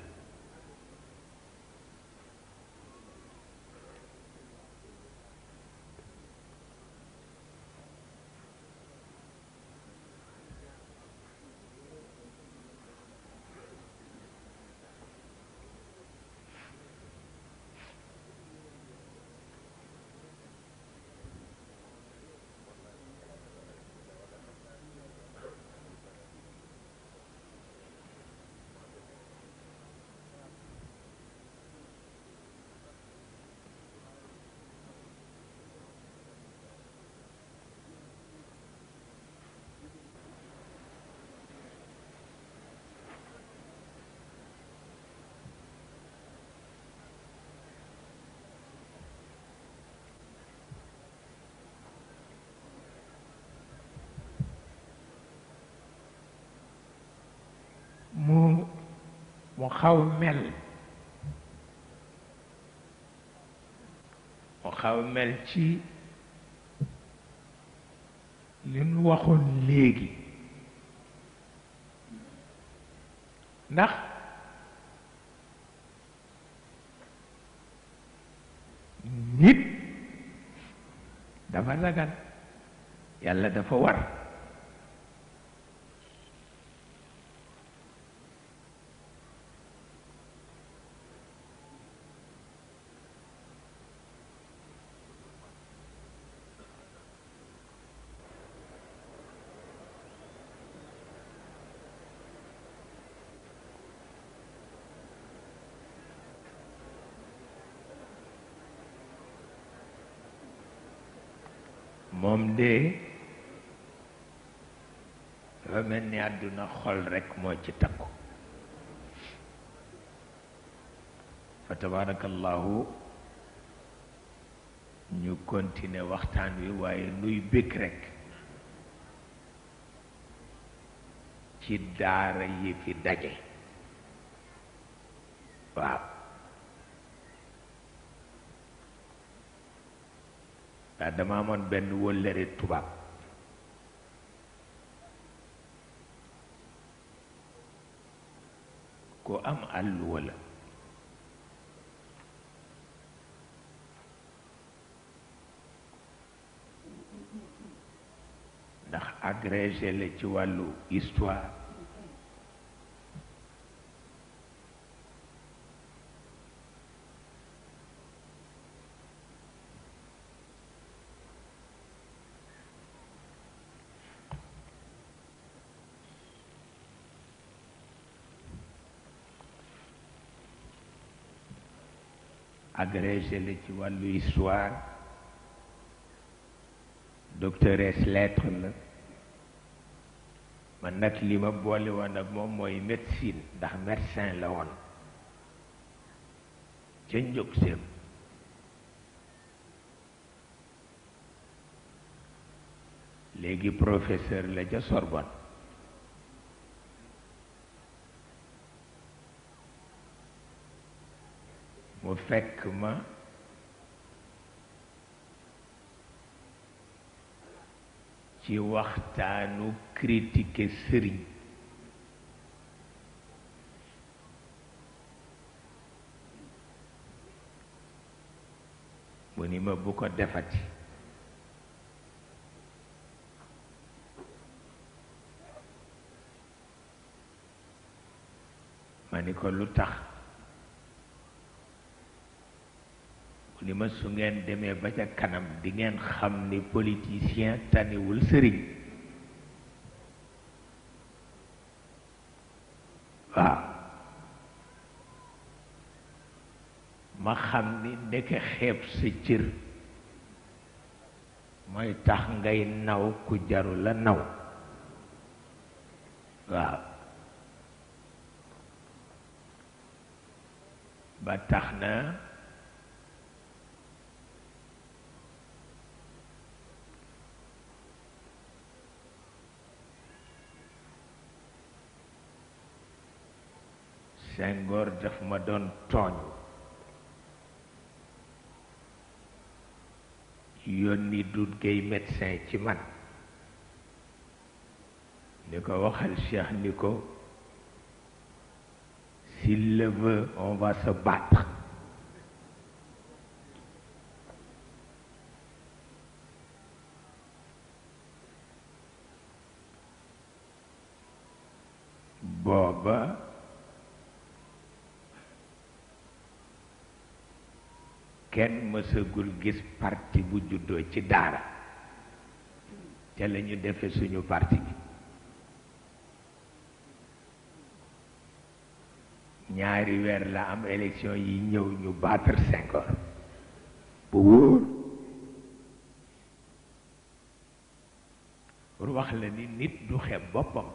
mu xaw mel mu xaw mel ci li nu waxoon léegi ndax nit dafa dagan yàlla dafa war dee dafa mel ni àdduna xol rekk moo ci takku fa tabaarakallaahu ñu continuer waxtaan wi waaye nuy bëgg rekk ci daara yi fi daje waaw ndax dama amoon benn wëllëre tubaab ku am àll wala ndax agrégé la ci wàllu histoire agrégé la ci wàllu histoire doctoresse lettre la man nag li ma boole woon ak moom mooy médecine ndax médecin la woon ca njëg léegi professeur la ca Sorbonne mu fekk ma ci waxtaanu critiquer sëriñ mu ni ma bu ko defati ma ni ko lu tax ni ma su ngeen demee ba ca kanam di ngeen xam ni politicien taniwul sëriñ waaw ma xam ni ndeke xeeb sa cër mooy tax ngay naw ku jaru la naw waaw ba tax na Senghor daf ma doon tooñ yónni Doudou Gueye médecin ci man ni ko waxal Cheikh ni ko s'il le veut on va mësagul gis parti bu juddoo ci daara te la ñu defe suñu parti bi ñaari weer la am élection yi ñëw ñu battre Senghor bu wóor pour wax la ni nit du xeeb boppam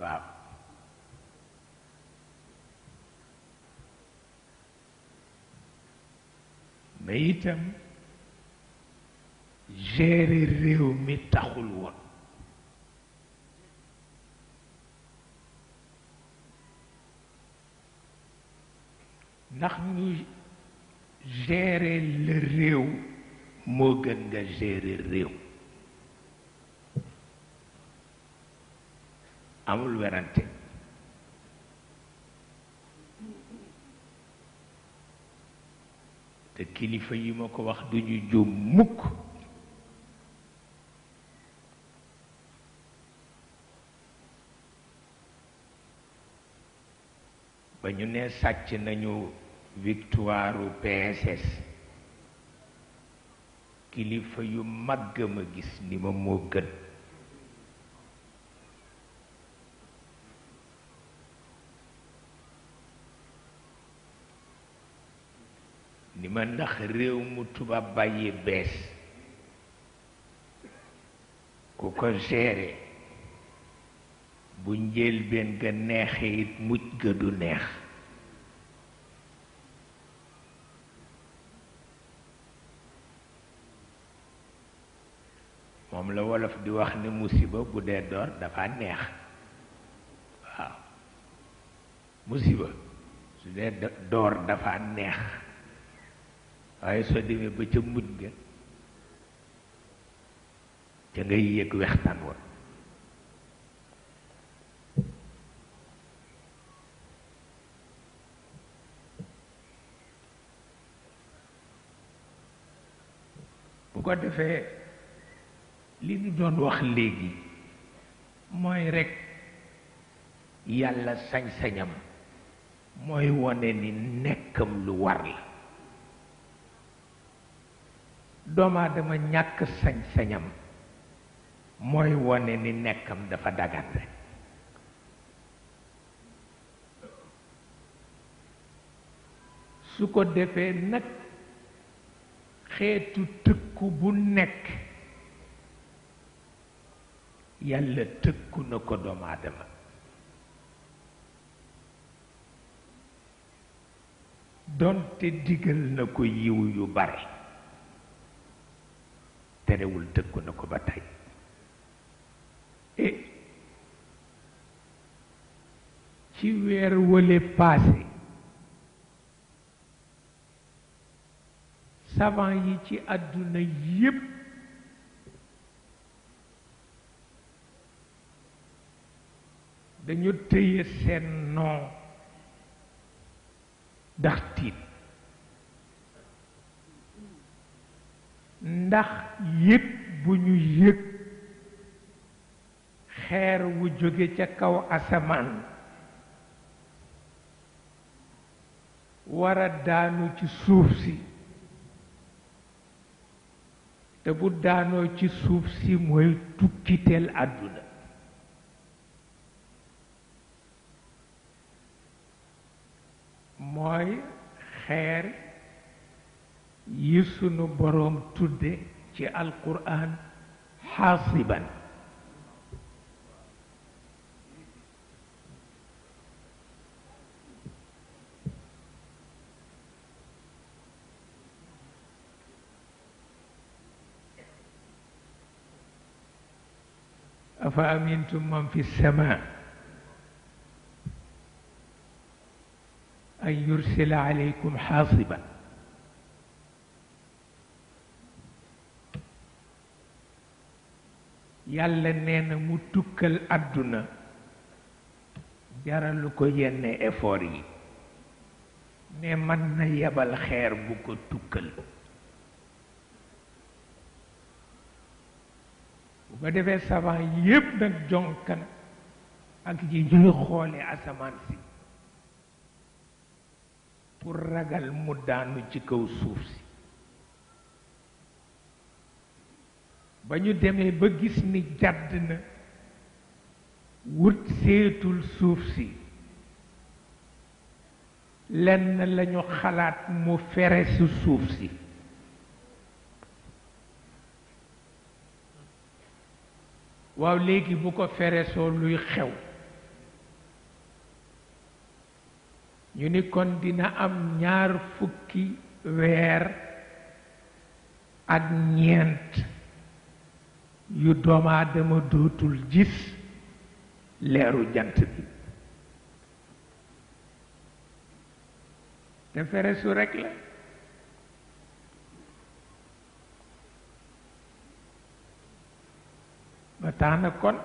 waaw mais itam gérer réew mi taxul woon ndax ñu gérer le réew moo gën nga gérer réew amul werante te kilifa yi ma ko wax du ñu juum mukk ba ñu ne sàcc nañu victoire u PSS kilifa yu màgg ma gis ni ma moo gën ni ma ndax réew mu tubaab bàyyi bees ku ko gérer bu njëlbeen ga neexe it mujj ga du neex moom la wolof di wax ne musiba bu dee door dafa neex waaw musiba su dee door dafa neex waaye soo demee ba ca mujj ga ca ngay yëg wa bu ko defee li ñu doon wax léegi mooy rekk yàlla sañ-sañam mooy wone ni nekkam lu war la doomaadama ñàkk sañ-sañam mooy wone ni nekkam dafa dagan rek su ko defee nag xeetu tëkku bu nekk yàlla tëkku na ko doomaadama doonte donte digal na ko yiw yu bare terewul dëggu na ko ba tey eh, ci weer wële paase savant yi ci àdduna yépp dañu tëye seen nom ndax tiit ndax yépp bu ñu yëg xeer wu jóge ca kaw asamaan war daanu ci suuf si te bu daanoo ci suuf si mooy tukkiteel àdduna mooy xeer yi sunu boroom tudde ci alquran xaasiban afa amintum man fi sama an yursila aleykum xaasiban yàlla nee na mu tukkal àdduna jaralu ko yenn effort yi ne mën na yebal xeer bu ko tukkal bu ko defee savant yépp nag jonkan ak yi ñuy xoole asamaan si pour ragal mu daanu ci kaw suuf si ba ñu demee ba gis ni jàdd na wut seetul suuf si lenn lañu xalaat mu fere suuf si waaw léegi bu ko fere luy xew ñu ni kon dina am ñaar fukki weer ak ñeent yu doomu aadama dootul gis leeru jant bi te feresu rekk la ba tax na kon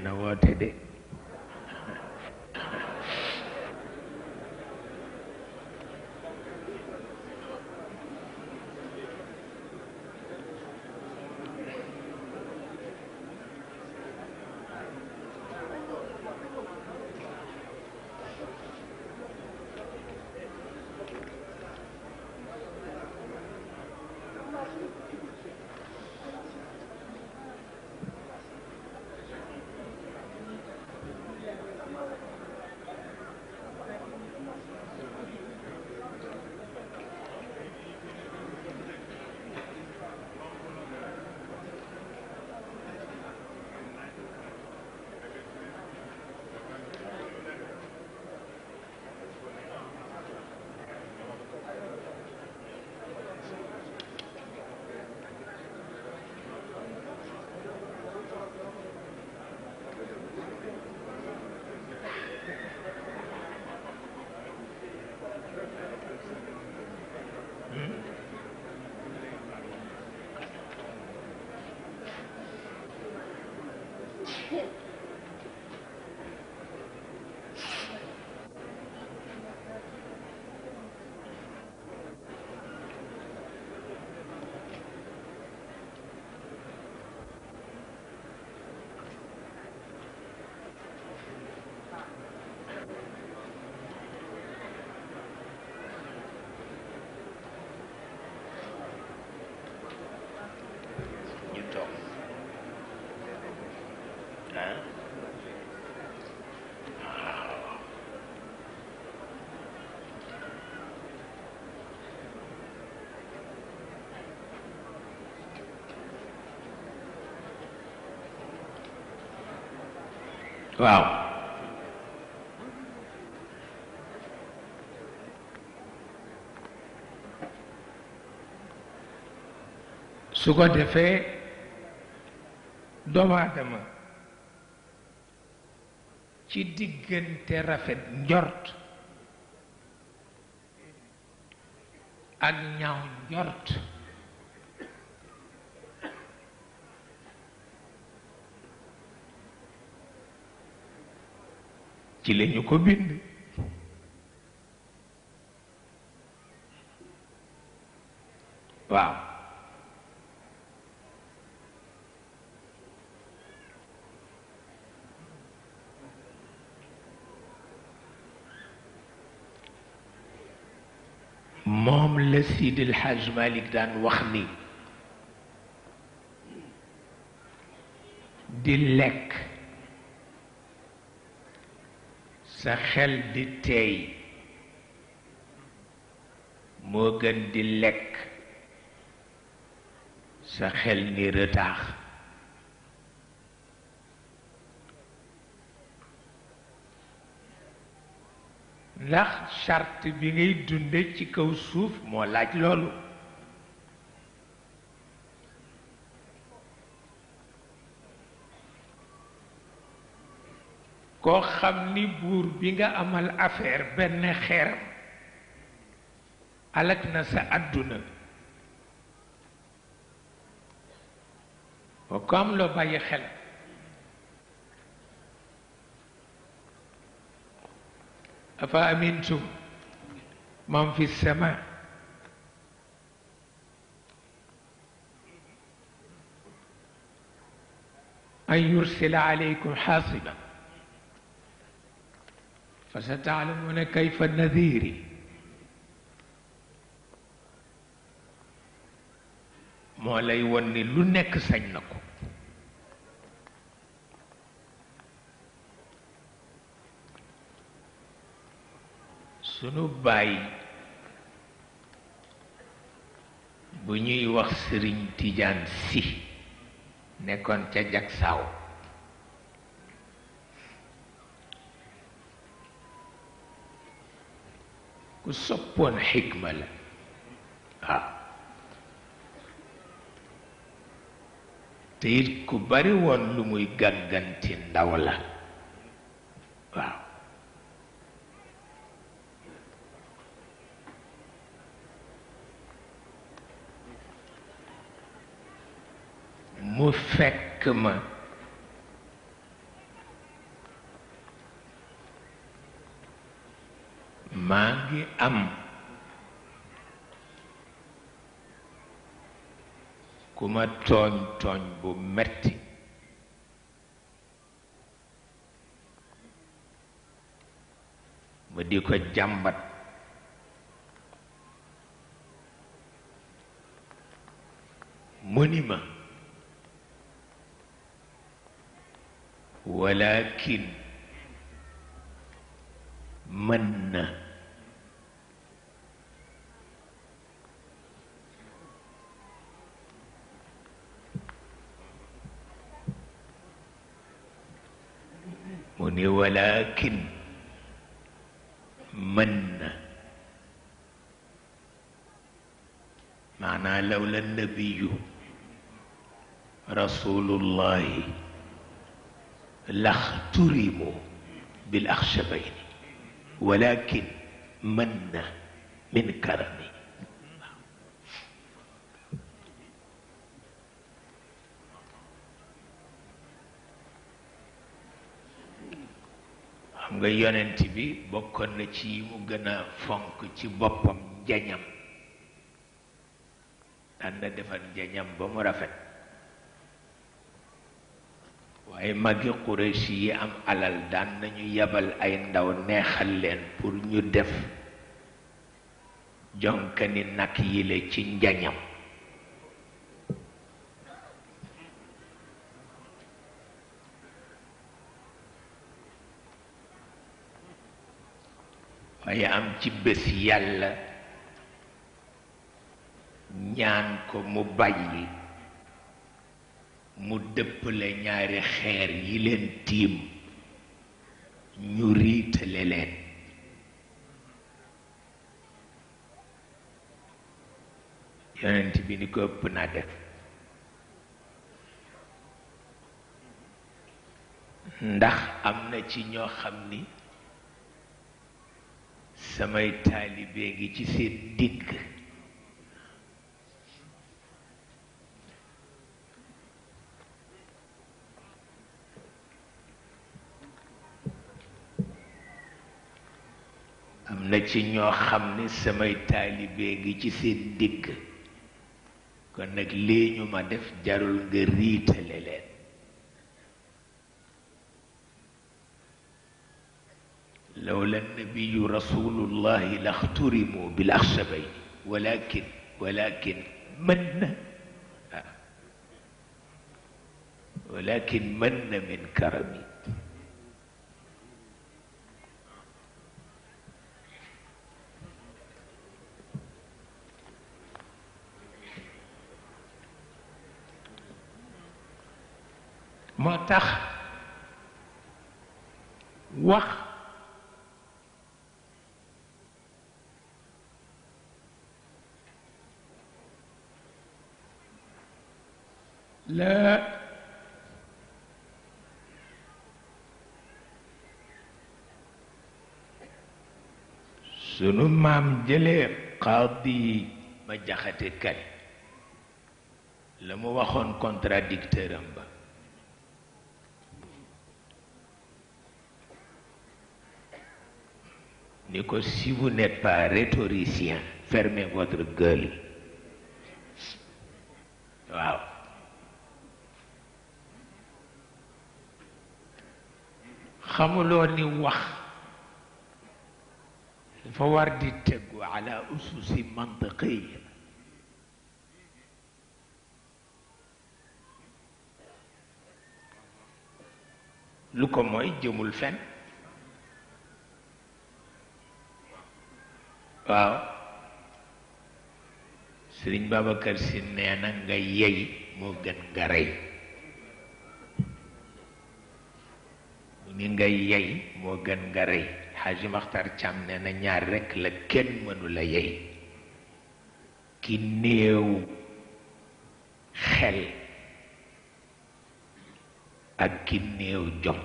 na woote de waaw su ko defee doomu aadama ci diggante rafet njort ak ñaaw njort ci lañu ko bind waaw moom la Sidil Hadj Malick daan wax ni di lekk sa xel di teey moo gën di lekk sa xel ni rëtaax ndax charte bi ngay dunde ci kaw suuf moo laaj loolu xam ni buur bi nga amal affaire benn xeeram alak na sa àdduna boo ko am loo bàyyi xel afa amintum man fi sama an yursila aleykum xaasiba fa sa taalamuuna kayfa nadiri moo lay won ni lu nekk sañ na ko sunu bàyyi bu ñuy wax sëriñ tijaan si nekkoon ca jagsaaw ku soppoon xikma la waaw te it ku bari woon lu muy gàgganti ndaw la waaw mu fekk ma maa ngi am ku tooñ tooñ bu metti ma di ko jàmbat mu ni ma walakin mën na ni walakin mën na maanaa lawla nabiyu rasulullahi laxturimu bil axshabayni walakin mën na min karami xam nga yonent bi bokkoon na ci yi mu gën a fonk ci boppam njañam daan na defar njañam ba mu rafet waaye magi Quraysh yi am alal daan nañu yebal ay ndaw neexal leen pour ñu def jonkani nag yile ci njañam may am ci bés yàlla ñaan ko mu bàyyi mu dëppale ñaari xeer yi leen tiim ñu riitale leen yonent bi ni ko ëpp naa def ndax am na ci ñoo xam ni samay am na ci ñoo xam ne samay taalibee ngi ci seen digg kon nag lii ñu ma def jarul nga riitale leen لولا النبي رسول الله لاخترموا بالأخشبين ولكن ولكن من ولكن من من كرمي moo tax wax la sunu maam jëlee xaadi ma jaxate kay la mu waxoon contradicteur am ba ni ko si vous n'êtes pas rhétoricien fermez votre gueule waaw xamuloo ni wax dafa war di tegu ala ususi mantiqiya lu ko mooy jëmul fen waaw sëriñ Babacar Si nee nga yey moo gën nga rey ni nga yey moo gën nga rëy xaaji maxtar cam ne ñaar rekk la kenn mënula yey ki néew xel ak ki néew jom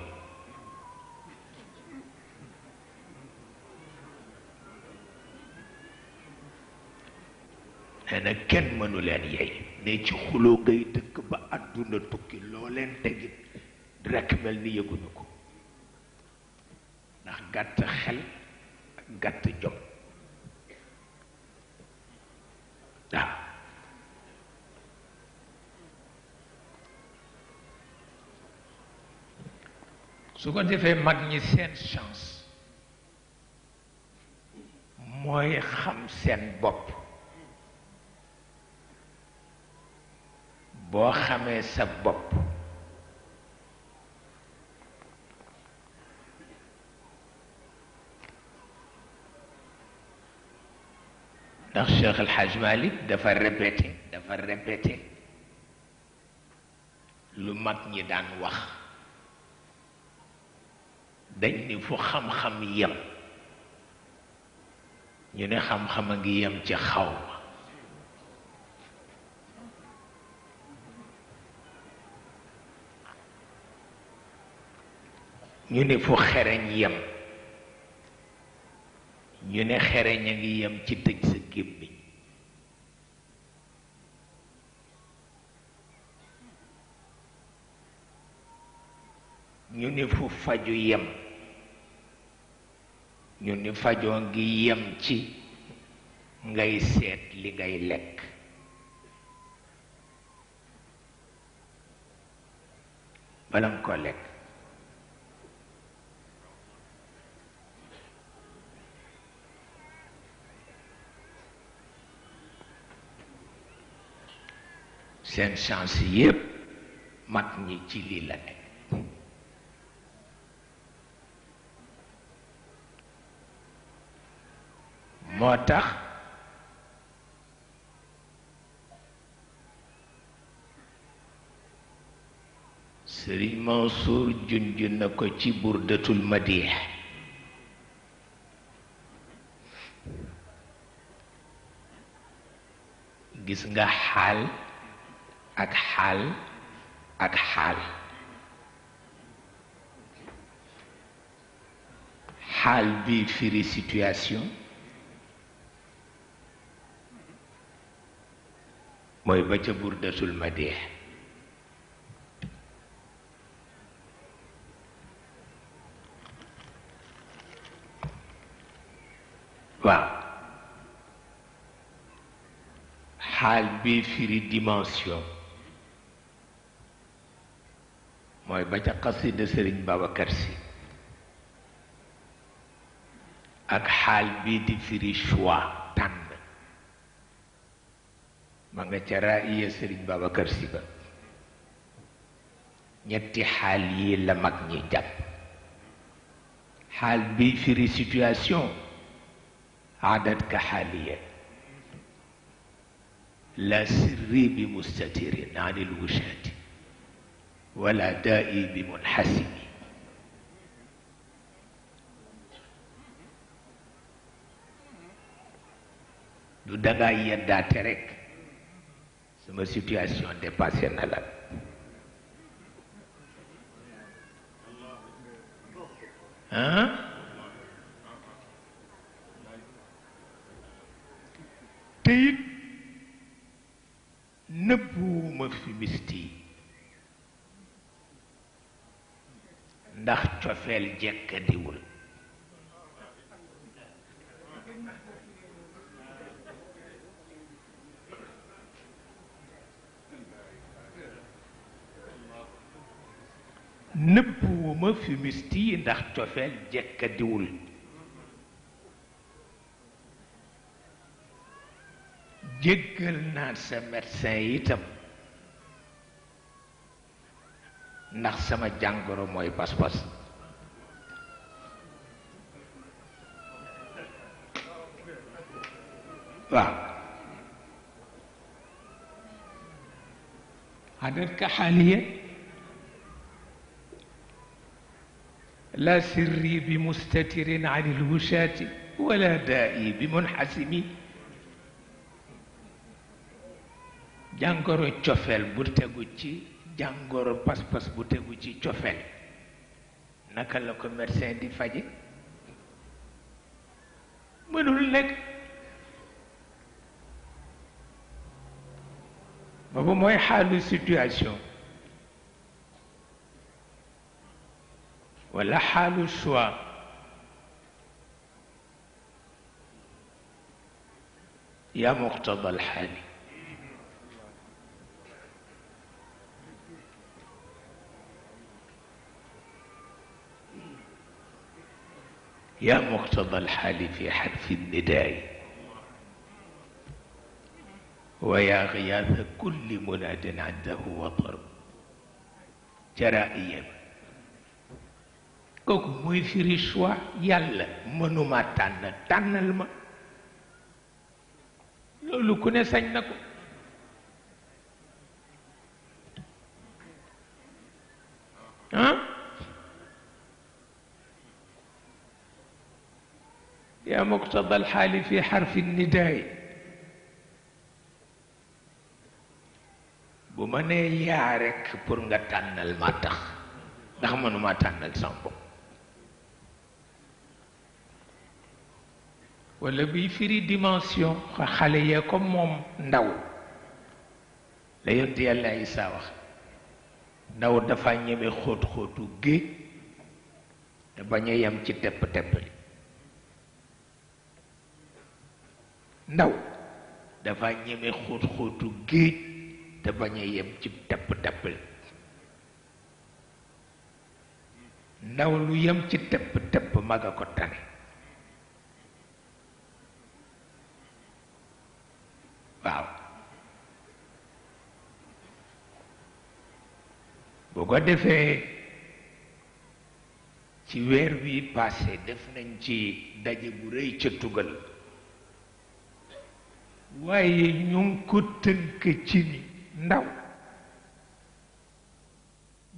nee na kenn mënu leen yey ne ci xuloo ngay dëkk ba àdduna tukki loo leen tegit rekk mel ni yëguñu ko ndax gàtt su ko defee mag ñi seen chance mooy xam seen bopp boo xamee sa bopp ndax Cheikh El Hadj dafa répété dafa répété lu mag ñi daan wax dañ ni fu xam-xam yem ñu ne xam-xam a ngi yem ci xaw ñu ne fu xereñ yem ñu ne xereñ a ngi yem ci tëj ñu ni fu faju yem ñu ni fajoo ngi yem ci ngay seet li ngay lekk bala nga ko lekk seen chance yépp mag ñi ci lii la ne moo tax sëriñ Mansour junj na ko ci burdatul madih gis nga xaal ak xaal ak xaal xaal bi firi situation mooy ba ca burdatul madih waaw xaal bi firi dimension mooy ba ca xasida sëriñ Babacar Si ak xaal bi di firi choix tànn ma nga ca raaya sëriñ Babacar Si ba ñetti xaal yi la mag xaal bi firi situation aadat ka la sirri bi mustatirin an il wushaati wala daai bi munxasimi du dangaa yeddaate rekk sama situation dépassé na la ah te it nëbbuwuma fi misti ndax cofeel jekkadiwul nëbbuwuma misti yi ndax cofeel jekkadiwul jéggal naa sa médecin itam ndax sama jàngoro mooy pas-pas waaw adat ka xaaliya laa sirri bi mustatirin an ilwusaati wala daa'i bi munxasimi jàngoro cofeel bu tegu ci jàngoro pas-pas bu tegu ci cofeel naka la ko médecin di faje mënul nekk boobu mooy xaalu situation wala xaalu choix yaa muqtada alxaali yaa muqtada alxaali fi xarfi nidaay wa yaa giyaasa kulli munaadin addahu wataru jaraa'iyan kooku mooy firi choix yàlla mënuma tànn tànnal ma loolu ku ne sañ na ko ah yaa muqtada alxaali fi xarfi nidaay bu ma nee yaa rekk pour nga tànnal ma tax ndax mënuma tànnal sama bopp wala buy firi dimension xale yee ko moom ndaw la yont yàlla Isaa ndaw dafa ñeme xóot-xóotu a yem ci tepp ndaw dafa ñeme xóot-xóotu géej te bañ a yem ci tepp-tepp ndaw lu yem ci tepp-tepp mag a ko tane waaw bu ko defee ci weer wi paase def nañ ci daje bu rëy ca tugal waaye ñu ngi ko tënk ci ni ndaw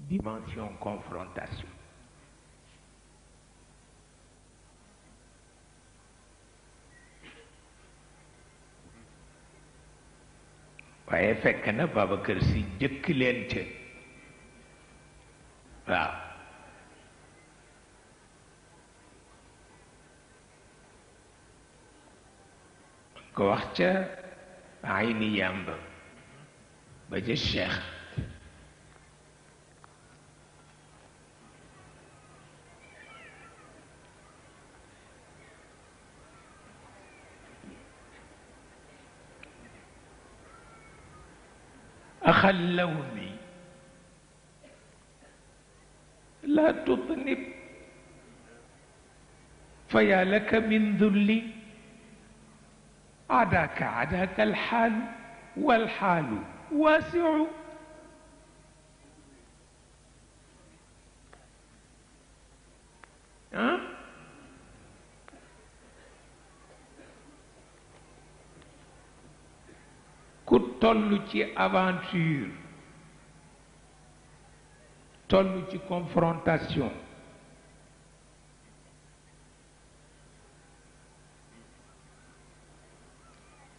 dimension confrontation waaye fekk na Babacar si jëkk leen ca waaw ko wax ca ay ni yàmb ba ca Cheikh أخل لومي لا تطنب فيا لك من ذلي عداك عداك الحال والحال واسع ku tollu ci aventure toll ci confrontation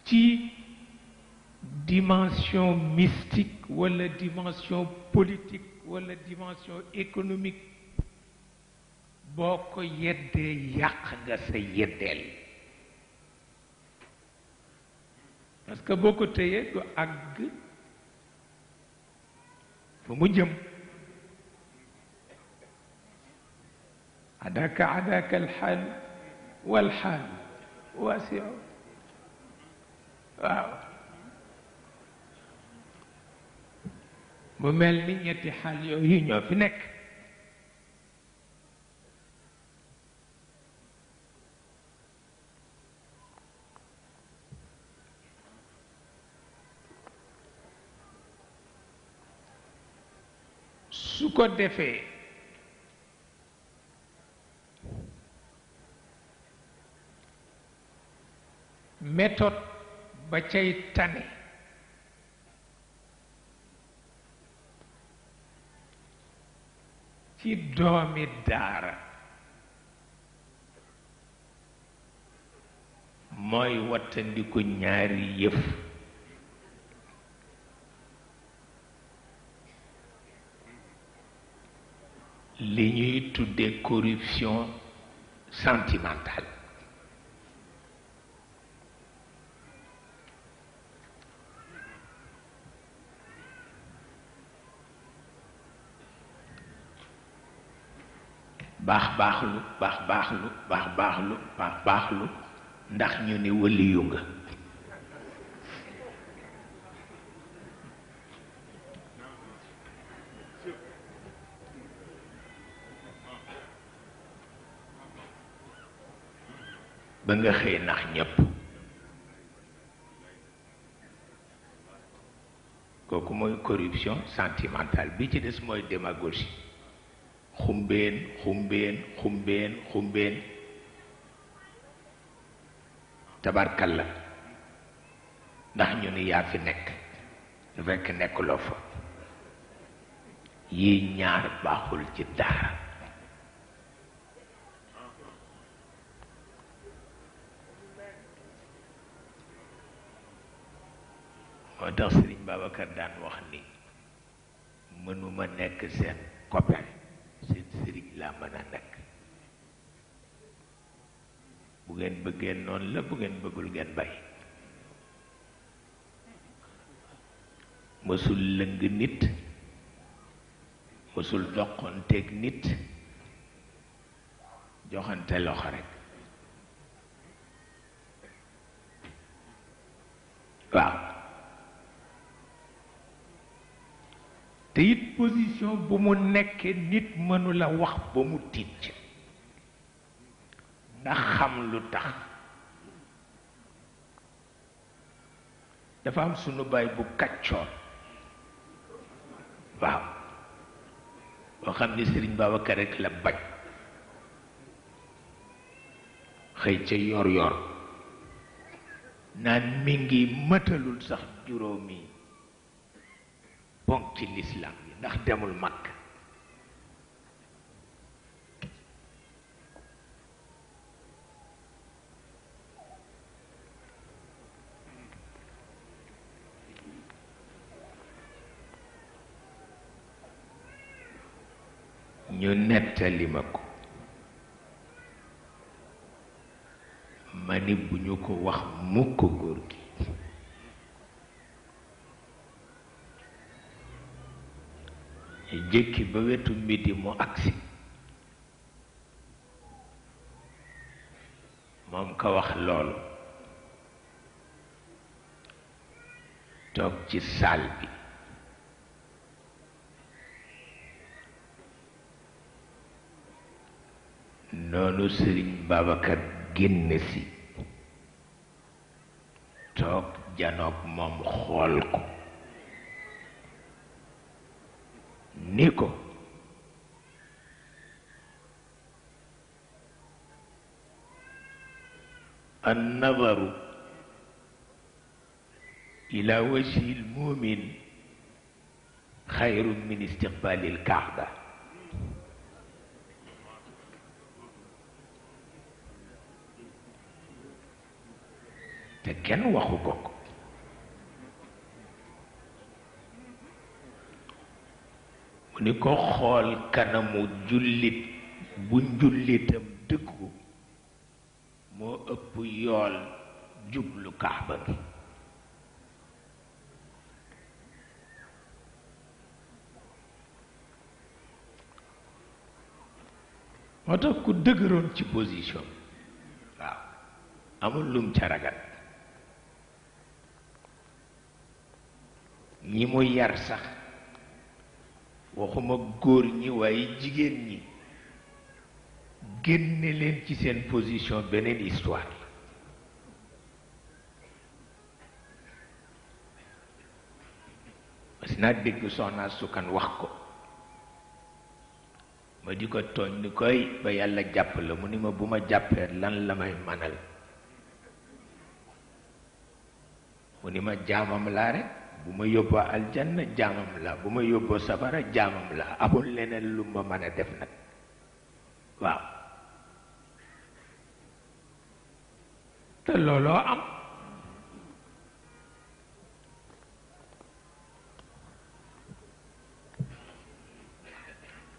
ci dimension mystique walla dimension politique walla dimension économique boo ko yeddee yàq nga sa yeddeel parce que boo ko téyee du fu mu jëm adaka adaka alxaal walxaal waasio waaw mu mel ni ñetti xaal yooyu ñoo fi nekk su ko defee méthode ba cay tane ci doomi daara mooy wattandiku ñaari yëf li ñuy tudde corruption sentimentale baax baaxlu baax baaxlu baax baaxlu baax baaxlu ndax ñu ne wëliyu nga ba nga xëy nax ñépp kooku mooy corruption sentimentale bi ci des mooy démagogie xumbeen xumbeen xumbeen xumbeen tabarkalla ndax ñu ni yaa fi nekk fekk nekkuloo fa yii ñaar baaxul ci dara moo tax sëriñ Babacar daan wax ni mënuma nekk seen copain seen sëriñ laa mën a nekk bu ngeen bëggee noonu la bu ngeen bëggul ngeen bay mësul lëng nit mësul doqonteeg nit joxante loxo rek waaw te it bu mu nekkee nit mënula wax ba mu tiit ci ndax xam lu tax dafa am sunu baay bu kàccoon waaw boo xam ne Sëriñ Babacar rek la bañ xëy ca yor yor naan mi ngi mëtalul sax juróomi ponk ci lislaam yi ndax demul mag ñu nettali ma ko ma bu ñu ko wax mukk góor gi ñu ba wetu midi mu agsi moom ka wax loolu toog ci saal bi noonu sëriñ Babacar génn si toog janoog moom xool ko ni ko النظر إلى وجه المؤمن خير من استقبال الكعبة te kenn waxu ko ko mu ni ko xool kanamu jullit bu njullitam dëkku moo ëpp yool jublu kaaba gi moo tax ku dëgëroon ci position waaw amul lum ca ragal ñi mu yar sax waxuma góor ñi waaye jigéen ñi génne leen ci seen position beneen histoire la mas naa dégg soxna sukkan wax ko ma di ko tooñ ni koy ba yàlla jàpp la mu ni ma buma ma jàppee lan la may manal mu ni ma jaamam laa rek bu ma yóbboo aljanna jaamam la bu ma yóbboo safara jaamam la amul leneen lu ma mën a def nag waaw te looloo am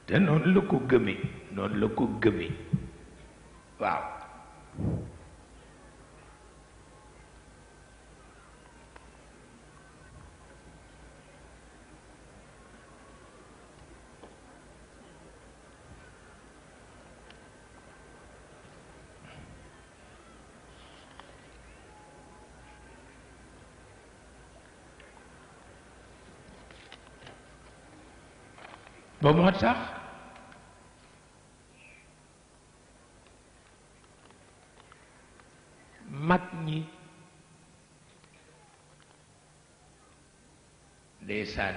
te noonu la ko gëmi noonu la ko gëmi waaw ba moo tax mag ñi ndeysaan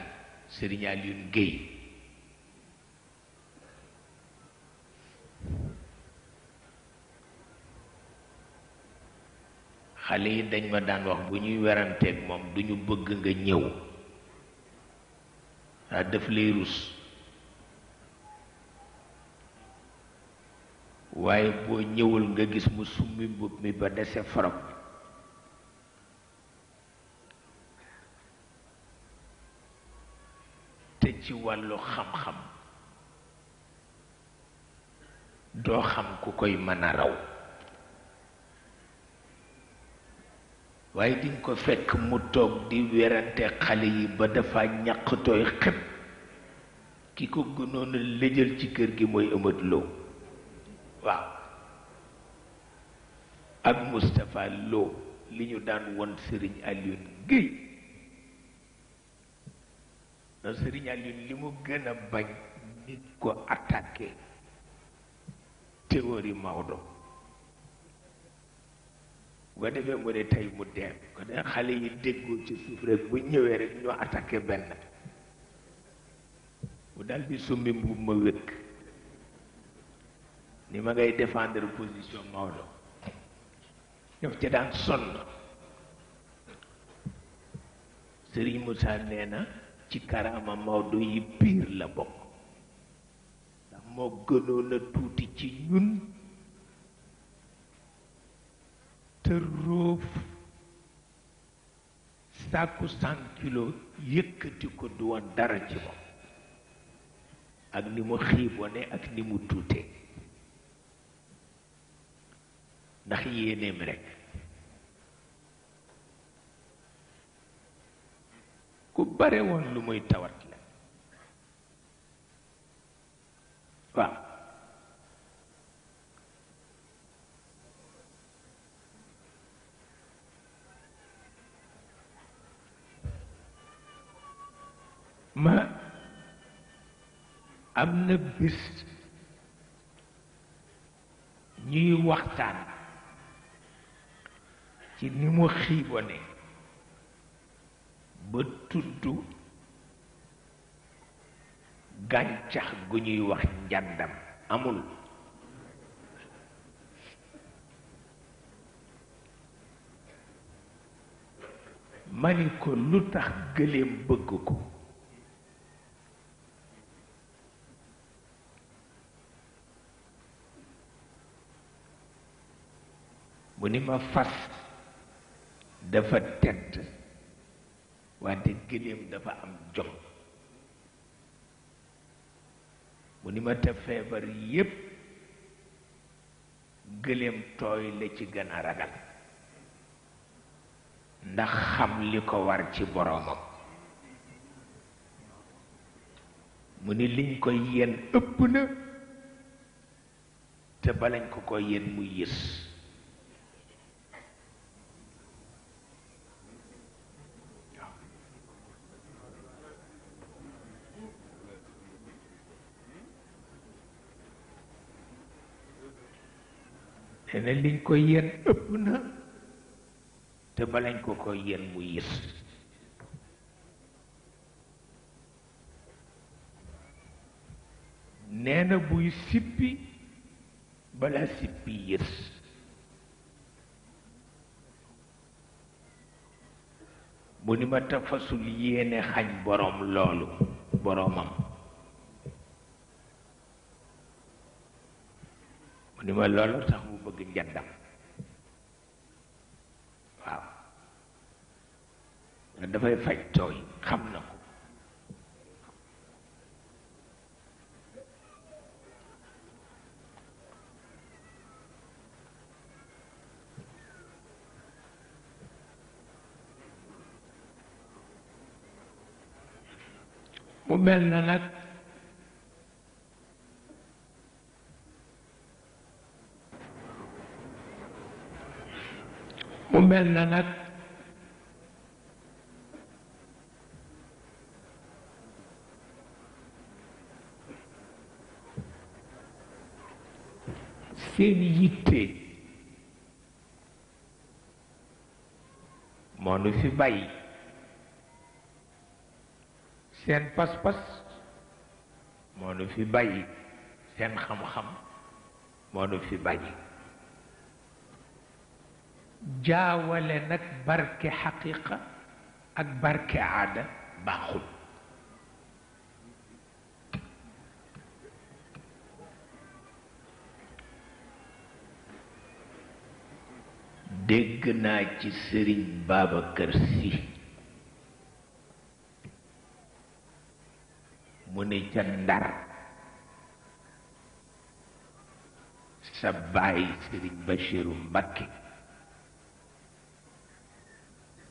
Sëriñ Alioune Guèye xale yi dañ ma daan wax bu ñuy weranteeg moom duñu bëgg nga ñëw ndax daf lay rus waaye boo ñëwul nga gis mu summi mbubb mi ba dese forom te ci wàllu xam-xam doo xam ku koy mëna raw waaye dinga ko fekk mu toog di werante xale yi ba dafa ñàq tooy ki ko gënoon a lëjal ci kër gi mooy ëmat loo waaw ak Moustapha Lo li ñu daan won Serigne Alioune Guèye non Serigne Alioune li mu gën a bañ nit ko attaqué théorie Maodo bu ko defee mu ne tey mu dee ko de xale yi déggoo ci suuf rek bu ñëwee rek ñoo attaqué benn mu daldi di summi mbubb ma wékk ni ma ngay défendre position Maodo ñoom ca daan sonn Serigne Moussa nee na ci karaama Maodo yi biir la bokk ndax moo gënoon a tuuti ci ñun te róof sàkku cent kilo yëkkati ko du woon dara ci moom ak ni mu xiibone ak ni mu tuutee ndax yéeneem rekk ku bare woon lu muy tawat la waaw ma am na bis ñuy waxtaan ci ni mu xiibone ba tudd gàncax gu ñuy wax njàndam amul ma ko lu tax gëléem bëgg ko mu ni ma fas dafa tedd wante gëléem dafa am jom mu ni ma te feebar yépp gëléem tooy la ci gën a ragal ndax xam li ko war ci boroomam mu ni liñ koy yéen ëpp na te balañ ko ko yéen mu yës ne liñ ko yéen ëpp na te balañ ko ko yéen mu yës nee na buy sippi bala sippi yës mu ni ma tafasul yéene xañ borom loolu boromam mu ni loolu tax mu bëgg njaddam waaw ndax dafay faj tooy xam na ko mu mel na nag mel na nag seen yitte moo nu fi bàyyi seen pas-pas moo nu fi bàyyi seen xam-xam moo nu fi bàyyi jaawale nag barke xaqiqa ak barke aada baaxul dégg naa ci sëriñ Babacar Si mu ne ca ndar sa bàyyi sëriñ Bachiru Mbakke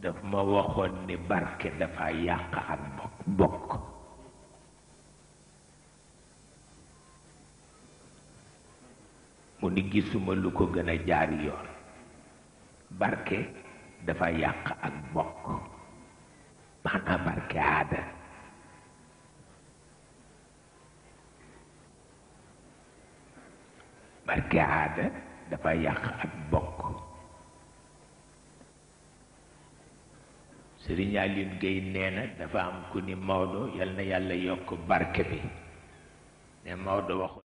daf ma waxoon ni barke dafa yàq ak bokk mu ni gisuma lu ko gën a jaar yoon barke dafa yàq ak bokk maanaam barke aada barke aada dafa yàq ak bokk Sëriñ Aline Gueye nee na dafa am ku ni Maodo yal na yàlla yokk barke bi ne Maodo waxu